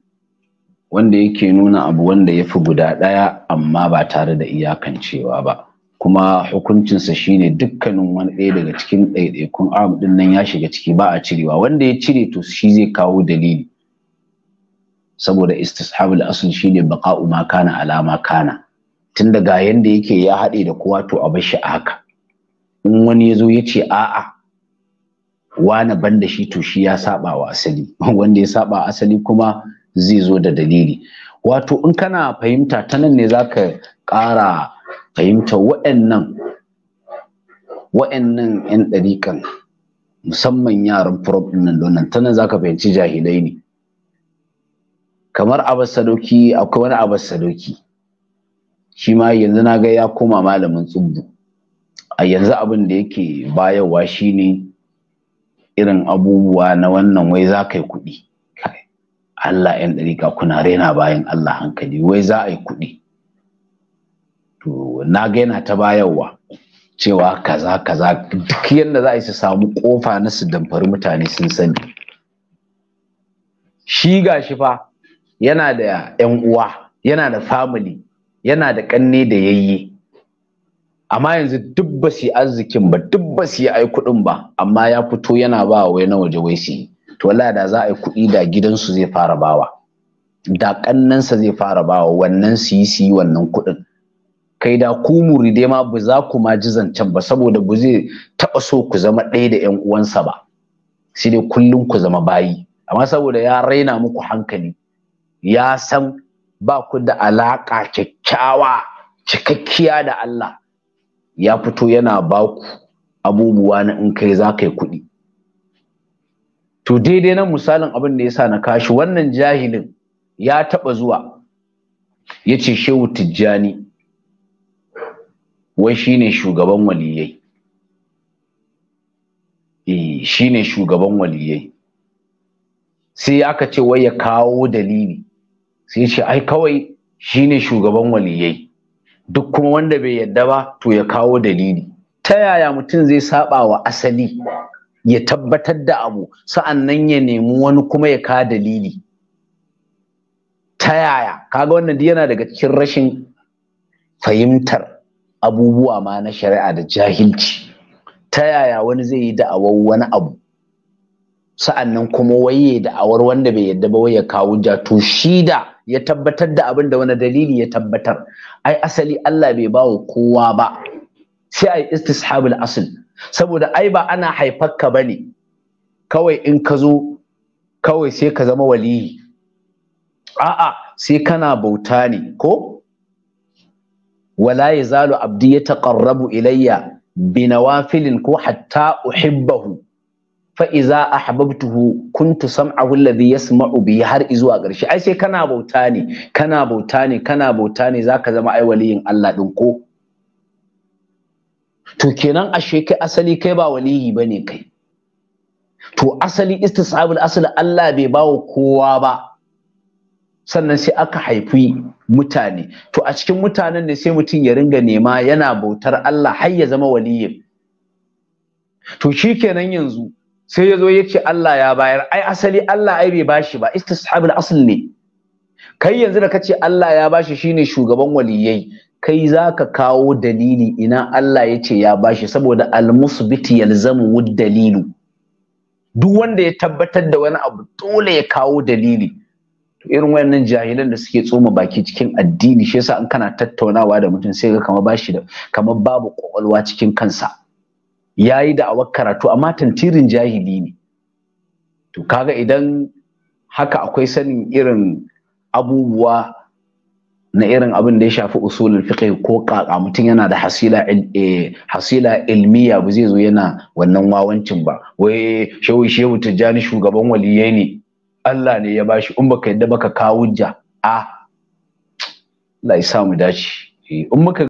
Speaker 1: wanda yake nuna abu wanda ya fi guda ɗaya amma ba tare da iyakancewa ba kuma hukuncinsa shine dukkanin wani ɗaya daga cikin ɗaiɗaikun am ɗin nan ya shiga ciki ba a cirewa wanda ya cire to shi zai kawo dalili saboda istishabul asl shine baqa'u ma kana alama kana Tunda ga yanda yake ya haɗe da kowa to a bar shi a haka in wani ya zo ya ce a'a wani ban da shi to shi ya saba wa asali (laughs) wanda ya saba asali kuma zai zo da dalili wato in kana fahimta ta nan ne zaka ƙara fahimta wa'annan wa'annan 'yan ɗarikan musamman yaran prop nan donan ta nan zaka fahimci jahilai ne kamar abas akwai wani abas sadauki. Shima yanzu na ga ya koma malamin tsubbu a yanzu abin da yake bayarwa shine irin abubuwa na wannan wai za ka yi kuɗi Allah yan ɗarika kuna raina bayan Allah hankali wai za a yi kuɗi to na ga yana ta bayarwa cewa kaza kaza duk yadda za a yi su samu kofa na su damfari mutane sun sani shi ga shi fa yana da yan uwa yana da family yana da ƙanne da yayye amma yanzu duk ba su yi arzikin ba duk ba su yi ai kuɗin ba amma ya fito yana ba wai na waje wai su yi to wallahi da za a yi kuɗi da gidansu zai fara bawa da ƙannansa zai fara bawa wannan su yi su yi wannan kuɗin kai da ku dai ma ba za ku ma ji zancen ba saboda ba zai taɓa so ku zama ɗaya da ƴan uwansa ba sai dai kullum ku zama bayi amma saboda ya raina muku hankali ya san ba ku da alaƙa kyakkyawa cikakkiya da Allah ya fito yana ba ku abubuwa na in kai za ka yi kuɗi to daidai nan misalin abin da ya sa na kashi wannan jahilin ya taɓa zuwa ya ce shehu tijjani wai shine shugaban waliyai eh, shine shugaban waliyai sai aka ce wai ya kawo dalili sai ce ai kawai shine shugaban waliyai duk kuma wanda bai yadda ba to ya kawo dalili ta yaya mutum zai saba wa asali ya tabbatar da abu sa'annan ya nemi wani kuma ya ka dalili ta yaya kaga wannan duk yana daga cikin rashin fahimtar abubuwa ma na shari'a da jahilci ta yaya wani zai yi da'awar wani abu sa'annan kuma waye da'awar wanda bai yadda ba ya kawo ja to shi da ya tabbatar da abin da wani dalili ya tabbatar ai asali Allah bai bawa kowa ba sai ai istishabul asl saboda ai ba ana ka bane kawai in ka zo kawai sai ka zama waliyi a'a sai kana bauta ne ko wala yazalu abdi yataqarrabu ilayya binawafilin ko hatta uhibbahu fa iza ahbabtuhu kuntu sam'ahu alladhi yasma'u bi har izuwa ƙarshe ai sai kana bauta ne kana bauta ne kana bauta ne zaka zama ai waliyin Allah din ko to kenan ashe kai asali kai ba waliyi bane kai to asali istisabul asali Allah bai bawa kowa ba sannan sai aka haifi mutane to a cikin mutanen ne sai mutum ya ringa nema yana bautar Allah har ya zama waliyin to shikenan yanzu sai ya zo ya ce Allah ya bayar ai asali Allah ai bai bashi ba istishabul asl ne kai yanzu da kace Allah ya bashi shine shugaban waliyai kai za ka kawo dalili ina Allah ya ce ya bashi saboda almusbiti yalzamu wud dalilu duk wanda ya tabbatar da wani abu dole ya kawo dalili to irin wayannan jahilan da suke tsoma baki cikin addini shi yasa in kana tattaunawa da mutum sai ga kamar bashi da kamar babu kokolwa cikin kansa ya yi da'awar karatu amma tantirin jahili ne to kaga idan haka akwai sanin irin abubuwa na irin abin da ya shafi usulul fiqh ko kaka mutum yana da hasila eh, hasila ilmiya ba zai zo yana wannan wawancin ba wai shehu shehu tijjani shugaban waliyai ne Allah ne ya bashi in baka yadda baka kawo hujja a ah, Allah ya samu dace eh, in baka